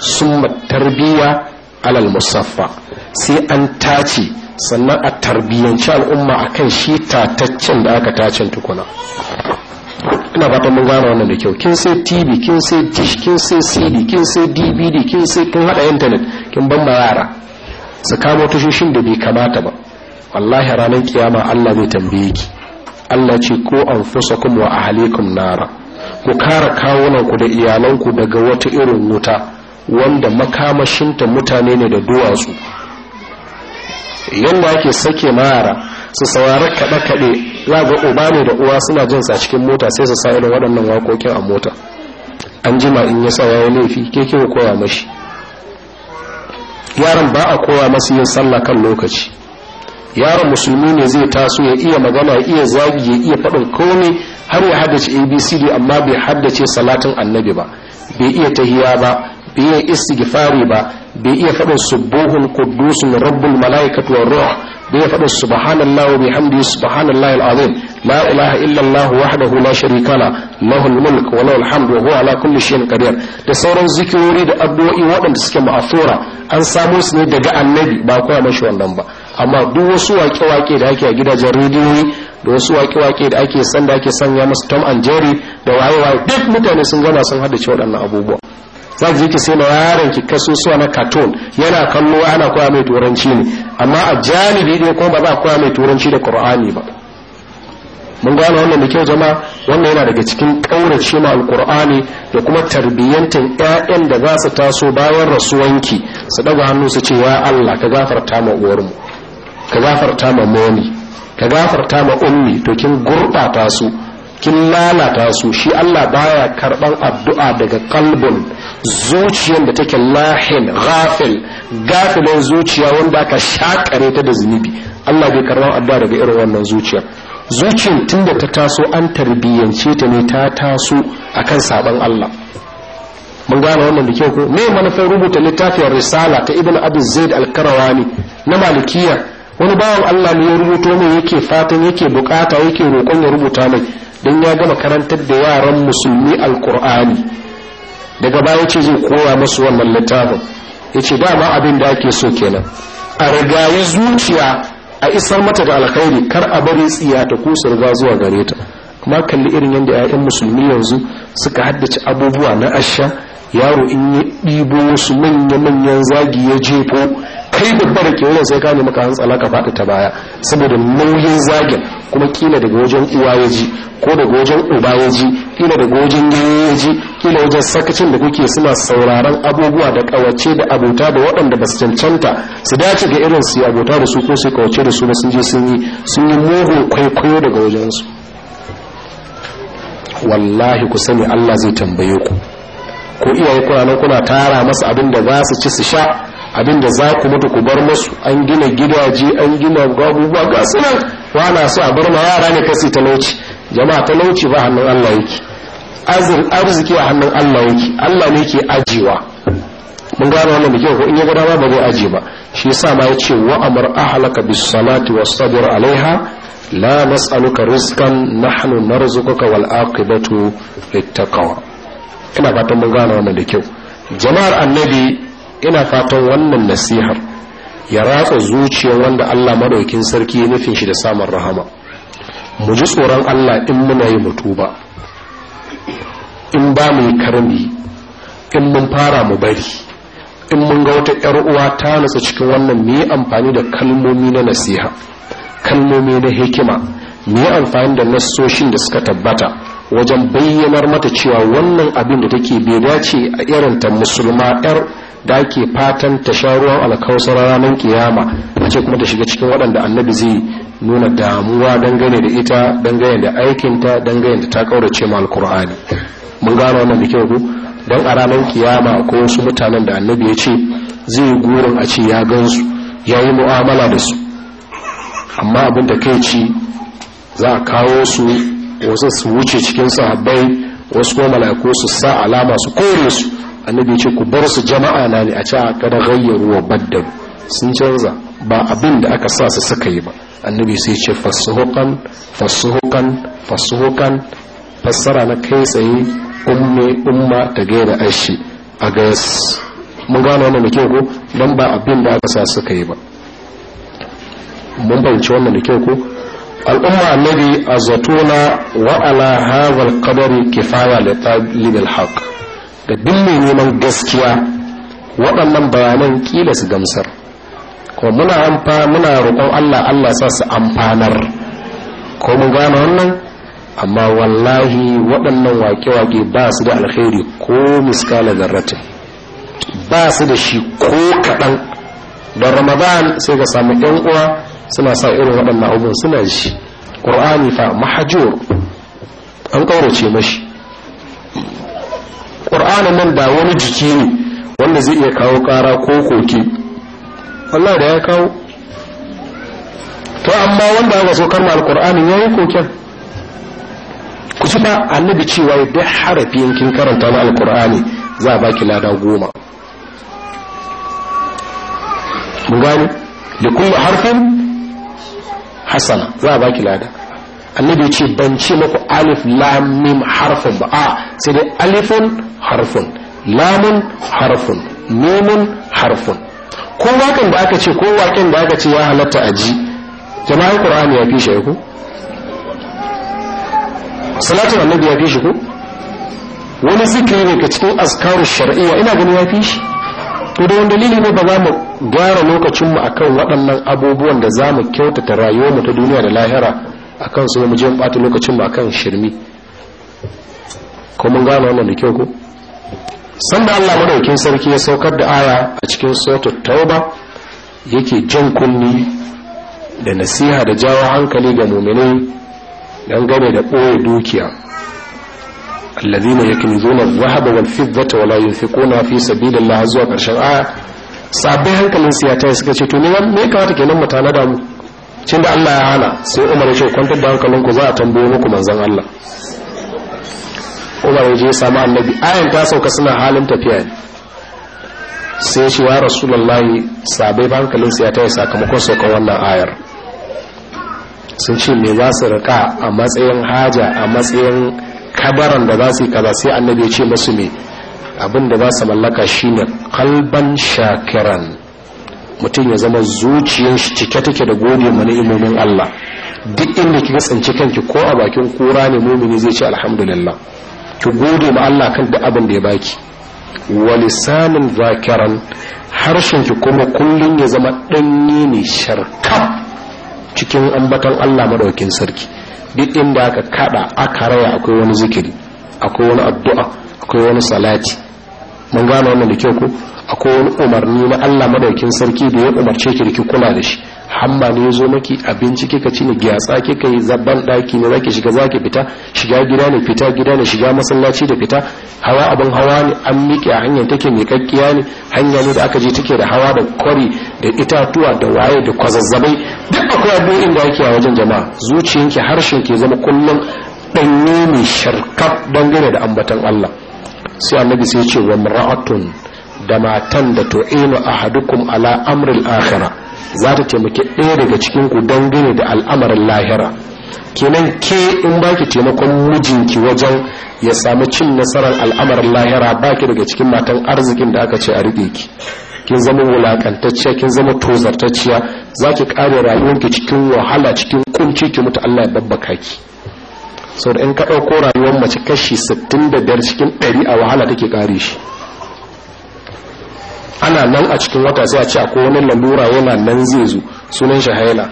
summa tarbiya alal musaffa sai an tace sannan a tarbiyyanci al'umma akan shi tataccen da aka tacen tukuna ina fatan mun gane wannan da kyau kin sai tv kin sai dish kin sai cd kin sai dvd kin sai kin hada intanet kin ban ma yara su kamo tashoshin da bai kamata ba wallahi ranar kiyama Allah zai tambaye ki Allah ce ko anfusakum wa ahalikum nara ku kare kawunanku da iyalanku daga wata irin wuta wanda makamashinta mutane ne da duwatsu yadda ake sake mara su saurari kaɗe-kaɗe za ga uba ne da uwa suna jin sa cikin mota sai su sa irin waɗannan waƙoƙin a mota an ma in ya sawa ya laifi ke ke koya mashi yaron ba a koya masu yin sallah kan lokaci yaron musulmi ne zai taso ya iya magana ya iya zagi ya iya faɗin komai har ya haddace abcd amma bai haddace salatin annabi ba bai iya tahiya ba bai iya istighfari ba bai iya faɗin subuhun kudusun rabbul malaikatu wa ruh bai iya faɗin subhanallahi bihamdihi subhanallahi alazim la ilaha illa allah wahdahu la sharika la lahul mulk wa lahul hamd wa huwa ala kulli shay'in qadir da sauran zikirori da addu'o'i waɗanda suke ma'asura an samo su ne daga annabi ba koya mashi wannan ba amma duk wasu waƙe-waƙe da ake a gidajen rediyoyi da wasu wake-wake da ake san da ake sanya masu tom and jerry da waye-waye duk mutane sun gama sun haddace waɗannan abubuwa za ki je ki sai na yaron ki kasusuwa na cartoon yana kallo ana koya mai turanci ne amma a janibi ne kuma ba za a koya mai turanci da qur'ani ba mun gano wannan da kyau zama wannan yana daga cikin kaurace ma alqur'ani da kuma tarbiyyantar ƴaƴan da za su taso bayan rasuwanki su daga hannu su ce ya Allah ka gafarta ma uwarmu ka gafarta ma moni ka gafarta ma ummi to kin gurɓata su kin lalata su shi Allah baya karban addu'a daga kalbun zuciyar da take lahin ghafil gafilin zuciya wanda aka shakare ta da zunubi Allah bai karban addu'a daga irin wannan zuciya zuciyar tunda ta taso an tarbiyyance ta ne ta taso akan saban Allah mun gane wannan da kyau ko me manufar rubuta littafin risala ta ibn abu zaid al-karawani na malikiya wani bawan Allah ne ya rubuto mai yake fatan yake bukata yake roƙon ya rubuta mai don ya gama karantar da yaran musulmi alkur'ani daga baya ce zai koya masu wannan littafin ya ce dama abin da ake so kenan a rigaya zuciya a isar mata da alkhairi kar a bari tsiya ta kusa riga zuwa gare ta amma kalli irin yadda 'ya'yan musulmi yanzu suka haddace abubuwa na asha yaro in ya ɗibo wasu manya-manyan zagi ya jefo kai da da ke wurin sai ka nemi ka hantsala ka ta baya saboda nauyin zagin kuma kila daga wajen uwa ya ji ko daga wajen uba ya ji kila daga wajen ganye ya ji kila wajen sakacin da kuke suna sauraron abubuwa da kawace da abota da waɗanda ba su cancanta su dace ga irin su abota da su ko su kawace da su ba sun je sun yi sun yi mugun kwaikwayo daga wajensu wallahi ku sani allah zai tambaye ku ko iyaye kuna nan kuna tara masa abin da za su ci su sha abinda za ku mutu ku bar musu an gina gidaje an gina abubuwa ga sunan wana so a bar ma yara ne kasi talauci jama'a talauci ba hannun Allah yake arziki a hannun Allah yake Allah ne yake ajiwa mun gano wannan da kyau ko in ya gada ba zai aje ba shi yasa ma yace wa amr ahlaka bis salati was sabr alaiha la nas'aluka rizqan nahnu narzuquka wal aqibatu littaqwa ina fatan mun gano wannan da kyau jama'ar annabi ina fatan wannan nasihar ya ratsa zuciyar wanda Allah madaukin sarki ya nufin shi da samun rahama mu ji tsoron Allah in muna yi mutu ba in ba mu yi karni in mun fara mu bari in mun ga wata yar uwa ta nasa cikin wannan mu yi amfani da kalmomi na nasiha kalmomi na hikima mu amfani da nasoshin da suka tabbata wajen bayyanar mata cewa wannan abin da take bai dace a irin ta musulma yar da ake fatan ta sha ruwan alkausar ranar kiyama ce kuma ta shiga cikin waɗanda annabi zai nuna damuwa dangane da ita dangane da aikinta dangane da ta kaurace ma alkur'ani mun gano wannan da kyau ku don a ranar kiyama ko wasu mutanen da annabi ya ce zai gurin a ce ya gansu ya yi mu'amala da su amma abin da kai ci za a kawo su wasu su wuce cikin sahabbai wasu kuma mala'iku su sa alama su kore su annabi ce ku bar su jama'a na ne a ce a kada gayyaru wa baddan sun canza ba abin da aka sa su suka yi ba annabi sai ce fasuhukan fasuhukan fasuhukan fassara na kai tsaye umme umma ta gaida ashi a gayas mun gano wannan da kyau ko don ba abin da aka sa suka yi ba mun fahimci wannan da kyau ko al'umma annabi a zatona wa ala hadha al-qadari kifaya li talib al-haqq da duk mai neman gaskiya waɗannan bayanan kila su gamsar kuma muna amfa muna roƙon Allah Allah sa su amfanar ko mun gane wannan amma wallahi waɗannan waƙe-waƙe ba su da alkhairi ko miskala zarratin ba su da shi ko kaɗan don ramadan sai ga samu ɗan uwa suna sa irin waɗannan abubuwan suna shi ƙur'ani fa mahajur an ƙaurace mashi ƙur'anin nan da wani jiki ne wanda zai iya kawo ƙara ko koke Allah da ya kawo to amma wanda aka so karma alƙur'anin ya yi koken ci ba annabi cewa da harafi yankin karanta na alƙur'ani za a baki lada goma mun gani da kuma harfin hasana za a baki lada annabi ya ce ban ce maku alif lam mim harfun ba a sai dai alifun harfun lamun harfun mimun harfun ko wakan da aka ce ko waken da aka ce ya halatta a ji jama'ar qur'ani ya fi shi ku salatin annabi ya fi shi ku wani zikiri ne ka cikin askaru shar'iyya ina ganin ya fi shi to da wanda lili ne ba za mu gyara lokacinmu akan waɗannan abubuwan da za mu kyautata rayuwarmu ta duniya da lahira a kan su mu je ɓata lokacin ba kan shirmi ko mun gane wannan da kyau ko sanda Allah madaukin sarki ya saukar da aya a cikin suratul tauba yake jan kunni da nasiha da jawo hankali ga mu'minai gane da ɓoye dukiya allazina yaknizuna adh-dhahaba wal-fiddata wa yunfiquna fi sabilillah zuwa karshen aya sabbin hankalin siyata suka ce to ne me kamata kenan mu tana da mu cin da Allah ya hana sai umar ya ce kwantar da hankalinku za a tambaye muku manzan Allah umar ya je ya samu annabi ayan ta sauka suna halin tafiya ne sai ya ce ya rasulullahi sabai hankalinsu ya taya sakamakon saukan wannan ayar sun ce me za su rika a matsayin haja a matsayin kabaran da za su yi kaza sai annabi ya ce masu me abin da za su mallaka shine kalban shakiran mutum ya zama zuciyar shi cike take da gode mana ilimin Allah duk inda kika tsanci kanki ko a bakin kura ne mumini zai ce alhamdulillah ki gode ma Allah kan da abin da ya baki wa lisanin zakaran harshen ki kuma kullun ya zama danye ne sharka cikin ambatan Allah madaukin sarki duk inda aka kada aka raya akwai wani zikiri akwai wani addu'a akwai wani salati mun gano wannan da kyau ko akwai wani umarni na Allah madaukin sarki da ya umarce ki da ki kula da shi hamma ne yazo maki abinci kika ci ne gyatsa kika yi zabban daki ne zaki shiga zaki fita shiga gida ne fita gida ne shiga masallaci da fita hawa abin hawa ne an miƙe hanyar take kakkiya ne hanya ne da aka je take da hawa da kwari da itatuwa da waye da kwazazzabai duk akwai abin da yake a wajen jama'a zuciyanki harshen ke zama kullum danye mai sharkaf dangane da ambatan Allah sai annabi sai ce wa mar'atun da matan da tu'inu ahadukum ala amril akhirah za ta taimaki ɗaya daga cikin ku dangane da al'amarin lahira kenan ke in baki taimakon mijinki wajen ya samu cin nasarar al'amarin lahira baki daga cikin matan arzikin da aka ce a riƙe ki kin zama wulakantacciya kin zama tozartacciya za ki ƙare rayuwarki cikin wahala cikin kunci ki mutu Allah ya babbaka ki sau da in ka ɗauko rayuwar mace kashi 65 cikin 100 a wahala take kare shi ana nan a cikin wata sai a ce akwai wani lalura yana nan zai zo sunan shi haila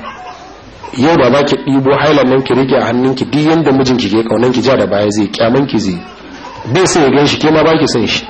yau da ba ki ɗibo haila nan ki rike a ki duk yadda mijinki ke kaunan ki ja da baya zai kyaman ki zai bai sai ya gan shi ke ma ba ki san shi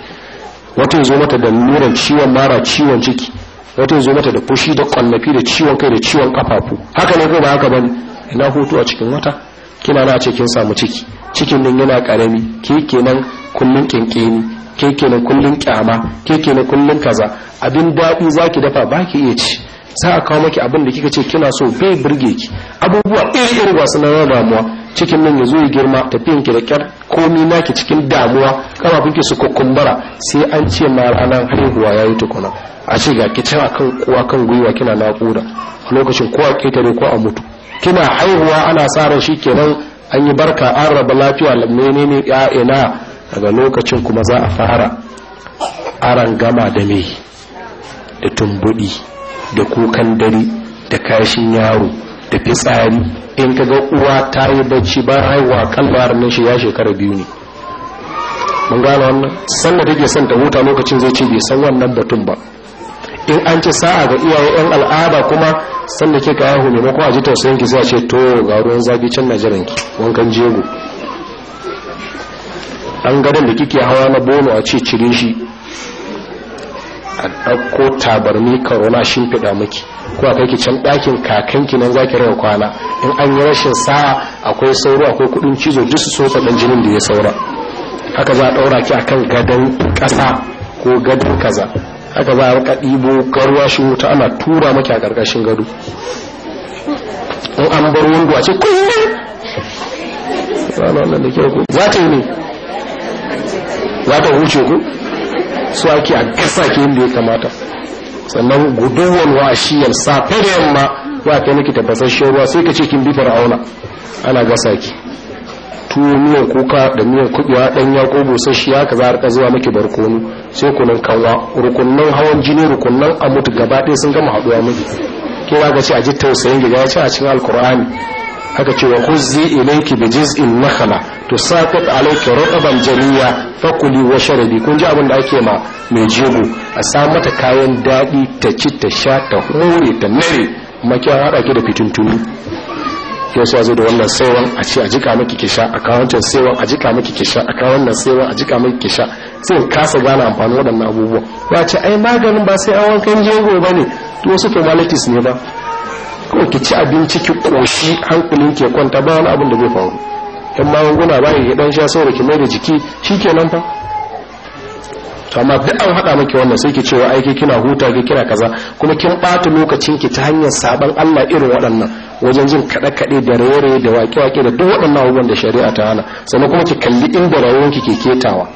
wata zo mata da laluran ciwon mara ciwon ciki wata zo mata da fushi da kwallafi da ciwon kai da ciwon kafafu haka ne ko ba haka bane ina hutu a cikin wata kina na ce kin samu ciki cikin nan yana karami ke kenan kullun kinkini ke kenan kullun kyama ke kenan kullun kaza abin daɗi zaki dafa baki iya ci za a kawo maki abin da kika ce kina so bai burge ki abubuwa iri iri wasu na damuwa cikin nan yazo ya girma tafiyan ki da kyar komi naki cikin damuwa kafafun ki su kukumbura sai an ce ma ranar haihuwa yayi tukuna a ce ga ki can akan kuwa kan gwiwa kina naƙuda a lokacin ko a ketare ko a mutu kina haihuwa ana sa ran kenan an yi barka an raba lafiya menene ya ina daga lokacin kuma za a fara aran gama da me da tumbudi da kukan dare da kashin yaro da fitsari in ka ga uwa ta yi bacci ba haihuwa kalmar nan shi ya shekara biyu ne mun gane wannan sannan da ke son ta huta lokacin zai ce bai san wannan batun ba in an ci sa'a ga iyaye yan al'ada kuma sanda ke kawo ne maimakon a ji tausayin ki sai a ce to ga ruwan zafi can najeran ki wankan jego an gadon da kike hawa na bono a ce cire shi a ɗauko tabarmi karona shimfiɗa miki ko a kai ki can ɗakin kakanki nan zaki raba kwana in an yi rashin sa'a akwai sauro akwai kuɗin cizo duk su sosa ɗan jinin da ya saura haka za a ɗaura ki akan gadon ƙasa ko gadon kaza aka za a ɗibo garuwa shi wuta ana tura maki a ƙarƙashin gado in an bar wando a ce kullum za ta yi ne za ta wuce ku su ake a gasa ke yin da ya kamata sannan guduwan wa shi shiyar safe da yamma ya kai miki tabbasasshiyar ruwa sai ka ce kin bi fir'auna ana gasa ki tuwo miyan kuka da miyan kubewa dan yako busasshiya ka za rika zuwa maki barkono sai kunan kanwa rukunnan hawan jini rukunnan amut gaba ɗaya sun gama haɗuwa miki ke za ka ce a ji tausayin gida ya ce a cikin alkur'ani haka ce wa huzzi ilayki bi jiz'in nakhla tusaqit alayki rutaban janiya fakuli wa sharabi kun ji abin da ake ma mai jego a sa mata kayan daɗi ta ci ta sha ta hore ta nare makiya haɗa ki da fitintunu yau suwa zai da wannan saiwan a ce a jika miki ki sha a kawancin saiwan a jika miki ki sha a kawannan saiwan a jika miki ki sha sai kasa gane amfanin waɗannan abubuwa ba ce ai maganin ba sai an wankan jego ba ne to wasu formalities ne ba ko ki ci abinci ki koshi hankulin ke kwanta ba wani abin da zai faru yan magunguna ba ya dan sha saboda ki mai da jiki shikenan fa to amma duk an haɗa maki wannan sai ki cewa aiki kina huta ki kina kaza kuma kin bata lokacin ki ta hanyar saban Allah irin waɗannan wajen jin kada kaɗe da raye da waƙe waƙe da duk waɗannan abubuwan da shari'a ta hana sannan kuma ki kalli inda rayuwar ki ke ketawa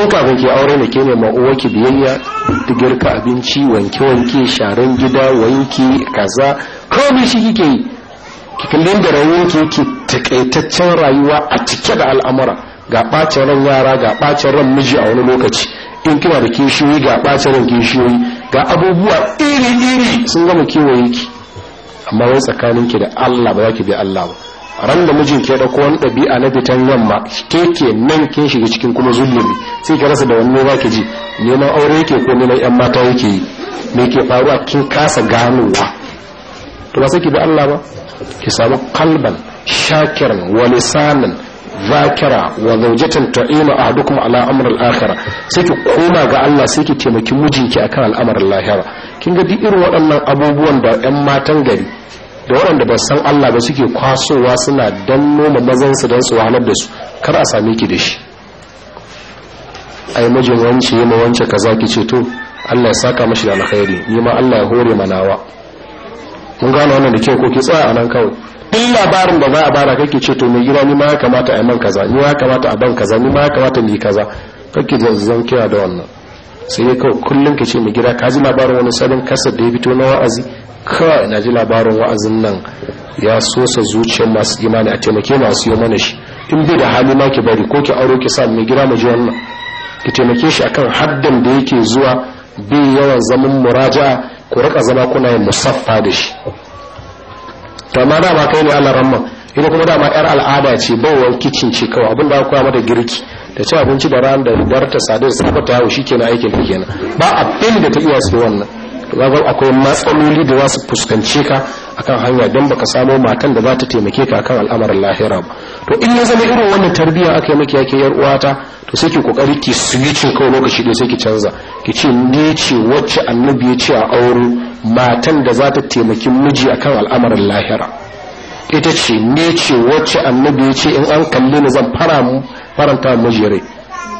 in kafin ki aure ne ke nema uwa ki biyayya da girka abinci wanke wanke sharan gida wanki kaza komai shi kike yi ki kalli inda rayuwar ki ke takaitaccen rayuwa a cike da al'amura ga ɓacin ran yara ga ɓacin ran miji a wani lokaci in kina da kishiyoyi ga ɓacin ran kishiyoyi ga abubuwa iri-iri sun gama kewaye ki amma wai ki da allah ba za ki bi allah ba ran da mijin ke ɗauko wani ɗabi'a na bitan yamma ke ke nan kin shiga cikin kuma zulumi sai ki rasa da wani ba ki ji neman aure ke ko neman yan mata yake yi me ke faruwa kin kasa ganowa to ba sai ki bi allah ba ki samu kalban shakiran wani sanin. zakira wa zaujatan ta'ima ahadukum ala amr al-akhirah sai ki koma ga Allah sai ki taimaki mijinki akan al'amarin lahira kin ga duk irin waɗannan abubuwan da ƴan matan gari da waɗanda ba san Allah ba suke kwasowa suna danno ma mazan su dan su wahalar da su kar a same ki da shi ai mijin wance ma wance kaza ki ce to Allah ya saka mashi da alkhairi ni ma Allah ya hore manawa mun gane wannan da kyau ko ki tsaya a nan kawai duk labarin da za a bada kake ce to mai gida ni ma ya kamata a man kaza ni ya kamata a ban kaza ni ma ya kamata ni kaza kake zazzan kira da wannan sai ya kawai kullum ka ce mai gida ka ji labarin wani sabon kasar da ya fito na wa'azi kawai na ji labarin wa'azin nan ya sosa zuciyar masu imani a taimake masu yi mana shi in bai da hali ma ki bari ko ki aure ki sa mai gida mu ji wannan ki taimake shi akan haddan da yake zuwa bai yawan zaman muraja ku rika zama kuna yin musaffa da shi to amma dama kai ne Allah ramma ita kuma dama yar al'ada ce bawon kicin ce kawai abin da aka koya mata girki da ci abinci da ran da darta sadin safa ta yawo shikenan aikin ta kenan ba abin da ta iya su wannan zagon akwai matsaloli da za su fuskance ka akan hanya don baka samo matan da za ta taimake ka akan al'amarin lahira ba to in ya zama irin wannan tarbiyyar aka yi maki yake yar uwata to sai ki kokari ki switchin kawo lokaci da sai ki canza ki ce ni ce wacce annabi ya ce a aure matan da za ta taimaki miji akan al'amarin lahira ita ce ne ce wacce annabi ya ce in an kalli ni zan fara faranta miji rai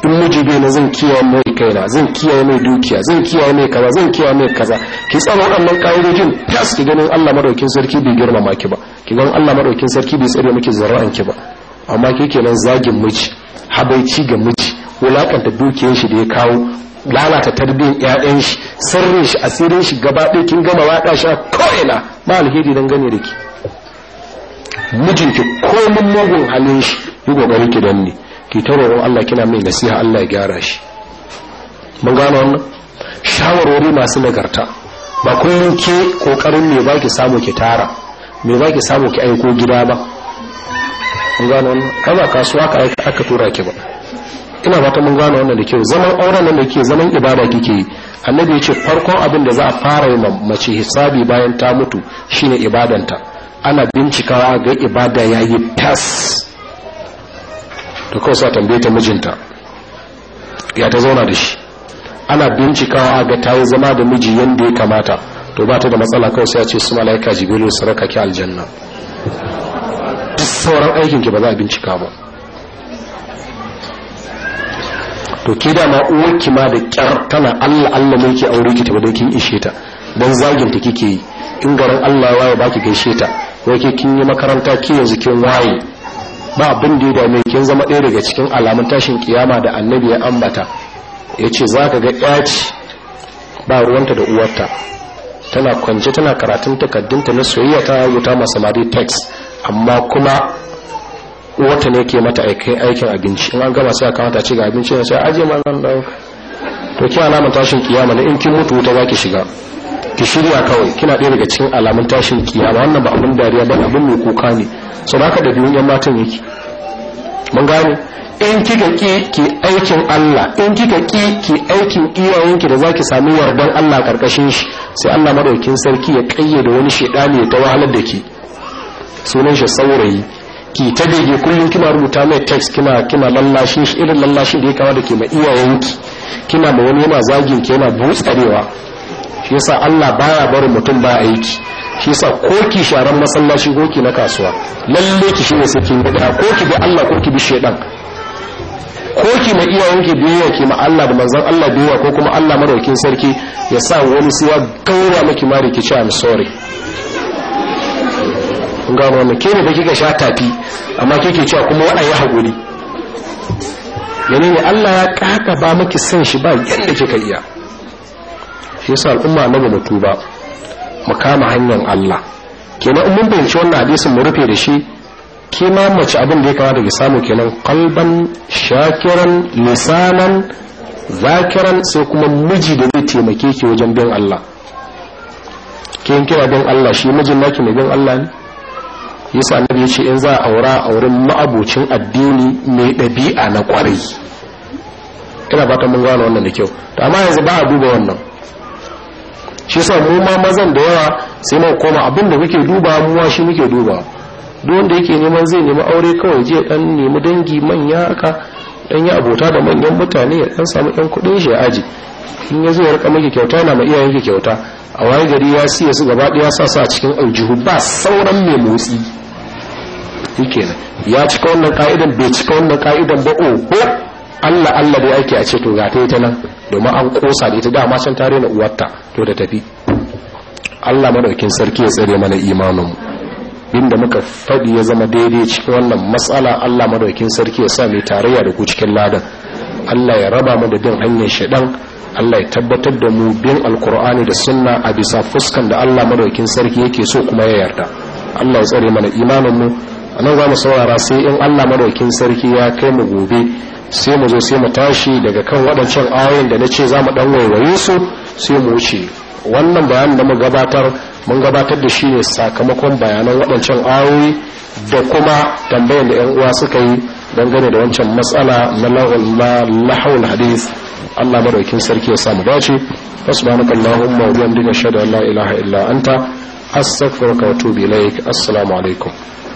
in miji bai na zan kiyaye mai kaina zan kiyaye mai dukiya zan kiyaye mai kaza zan kiyaye mai kaza ki tsara waɗannan ƙa'idojin tas ki ganin Allah madaukin sarki bai girmama ki ba ki ganin Allah madaukin sarki bai tsare miki zarra'an ki ba amma ke kenan zagin miji habaici ga miji wulakanta dukiyar shi da ya kawo lalata tarbiyyar ƴaƴan shi sirrin shi asirin shi gaba ɗaya kin gama waɗa shi ko ina ba alheri dan gane da ki mijinki komin mugun halin shi yi kokari ki danne ki ta roƙon Allah kina mai nasiha Allah ya gyara shi mun gano wannan shawarwari masu nagarta ba kullum ke kokarin me ba ki samu ki tara me ba ki samu ki aiko gida ba mun gano wannan ba kasuwa ka aika aka tura ki ba ina fata mun gano wannan da kyau zaman auren nan da ke zaman ibada kike yi annabi ya ce farkon abin da za a fara yi mace hisabi bayan ta mutu shine ibadanta ana bincikawa ga ibada yayi tas to kawai sa tambaye ta mijinta ya ta zauna da shi ana bincikawa ga ta yi zama da miji yadda ya kamata to ba ta da matsala kawai sai ce su malaika jibiru su raka ki aljanna duk sauran aikin ki ba za a bincika ba to ke da ma ma da kyar tana Allah Allah mai ki aure ki tabbata kin ishe ta don zagin ta kike yi in garin Allah waye ba ki gaishe ta wai ke kin yi makaranta ki yanzu kin waye ba abin da ya dame kin zama ɗaya daga cikin alamun tashin kiyama da annabi ya ambata ya ce za ka ga ƴaci ba ruwanta da uwarta tana kwance tana karatun takardunta na soyayya ta rubuta ma samari text amma kuma uwarta ne ke mata aikin abinci in an gama sai a kamata ci ga abinci sai aje ma zan dauka to ki tashin kiyama na in kin mutu wuta za ki shiga ki shirya kawai kina ɗaya daga cikin alamun tashin kiyama wannan ba abin dariya ba abin mai kuka ne so da haka ɗabi'un yan matan yake mun gane in kika ki ki aikin Allah in kika ki ki aikin iyayenki da zaki sami yardan Allah karkashin shi sai Allah madaukin sarki ya da wani ne ta wahalar da ki sunan shi saurayi ki ta bege kullum kina rubuta mai text kina kina lallashin shi irin lallashin da ya kama da ke mai iyayenki kina da wani yana zagin ki yana butsarewa shi yasa Allah baya barin mutum ba aiki shi yasa koki sharan masallaci koki na kasuwa lalle ki shine sai kin koki bi Allah ko bi shedan koki ki ma yanke biyayya ki ma Allah da manzon Allah biyayya ko kuma Allah madaukin sarki ya sa wani siya gaura miki ma rikici I'm sorry kun wannan ke ne da kika sha tafi amma kike cewa kuma wada ya hakuri Allah ya kaka ba miki san shi ba yanda kika iya shi yasa al'umma na mu tuba mu kama hanyar Allah kenan in mun fahimci wannan hadisin mu rufe da shi ke mace abin da ya kama daga samu kenan qalban shakiran lisanan zakiran sai kuma miji da zai taimake ki wajen bin Allah kin kira bin Allah shi mijin naki mai bin Allah ne yasa annabi yace in za a aura auren ma'abocin addini mai ɗabi'a na kwarai ina fatan mun gano wannan da kyau to amma yanzu ba a duba wannan shi sa mu ma mazan da yawa sai mu koma abin muke duba mu wa shi muke duba duk wanda yake neman zai nemi aure kawai je dan nemi dangi manya haka dan ya abota da manyan mutane ya dan samu dan kudin shi ya aji in ya zo ya rika miki kyauta na ma iyayen ki kyauta a waye gari ya siya su gaba daya sa sa cikin aljihu ba sauran mai motsi shikenan ya cika wannan ka'idan bai cika wannan ka'idan ba o Allah Allah dai ake a ce to ga ta ita nan domin an kosa da ita dama can tare na uwarta to da tafi Allah madaukin sarki ya tsare mana imanin inda muka faɗi ya zama daidai cikin wannan matsala Allah madaukin sarki ya sa mu tarayya da ku cikin ladan Allah ya raba mu da bin hanyar shaɗan Allah ya tabbatar da mu bin alkur'ani da sunna a bisa fuskan da Allah madaukin sarki yake so kuma ya yarda Allah ya tsare mana imanin mu a nan za mu saurara sai in allah madaukin sarki ya kai mu gobe sai mu zo sai mu tashi daga kan waɗancan ayoyin da na ce za mu ɗan waiwaye su sai mu wuce wannan bayanin da mu gabatar mun gabatar da shi ne sakamakon bayanan waɗancan ayoyi da kuma tambayar da 'yan uwa suka yi dangane da wancan matsala na lahawul hadith Allah madaukin sarki ya samu dace subhanaka allahumma wa bihamdika ashhadu an la ilaha illa anta astaghfiruka wa atubu ilaik assalamu alaikum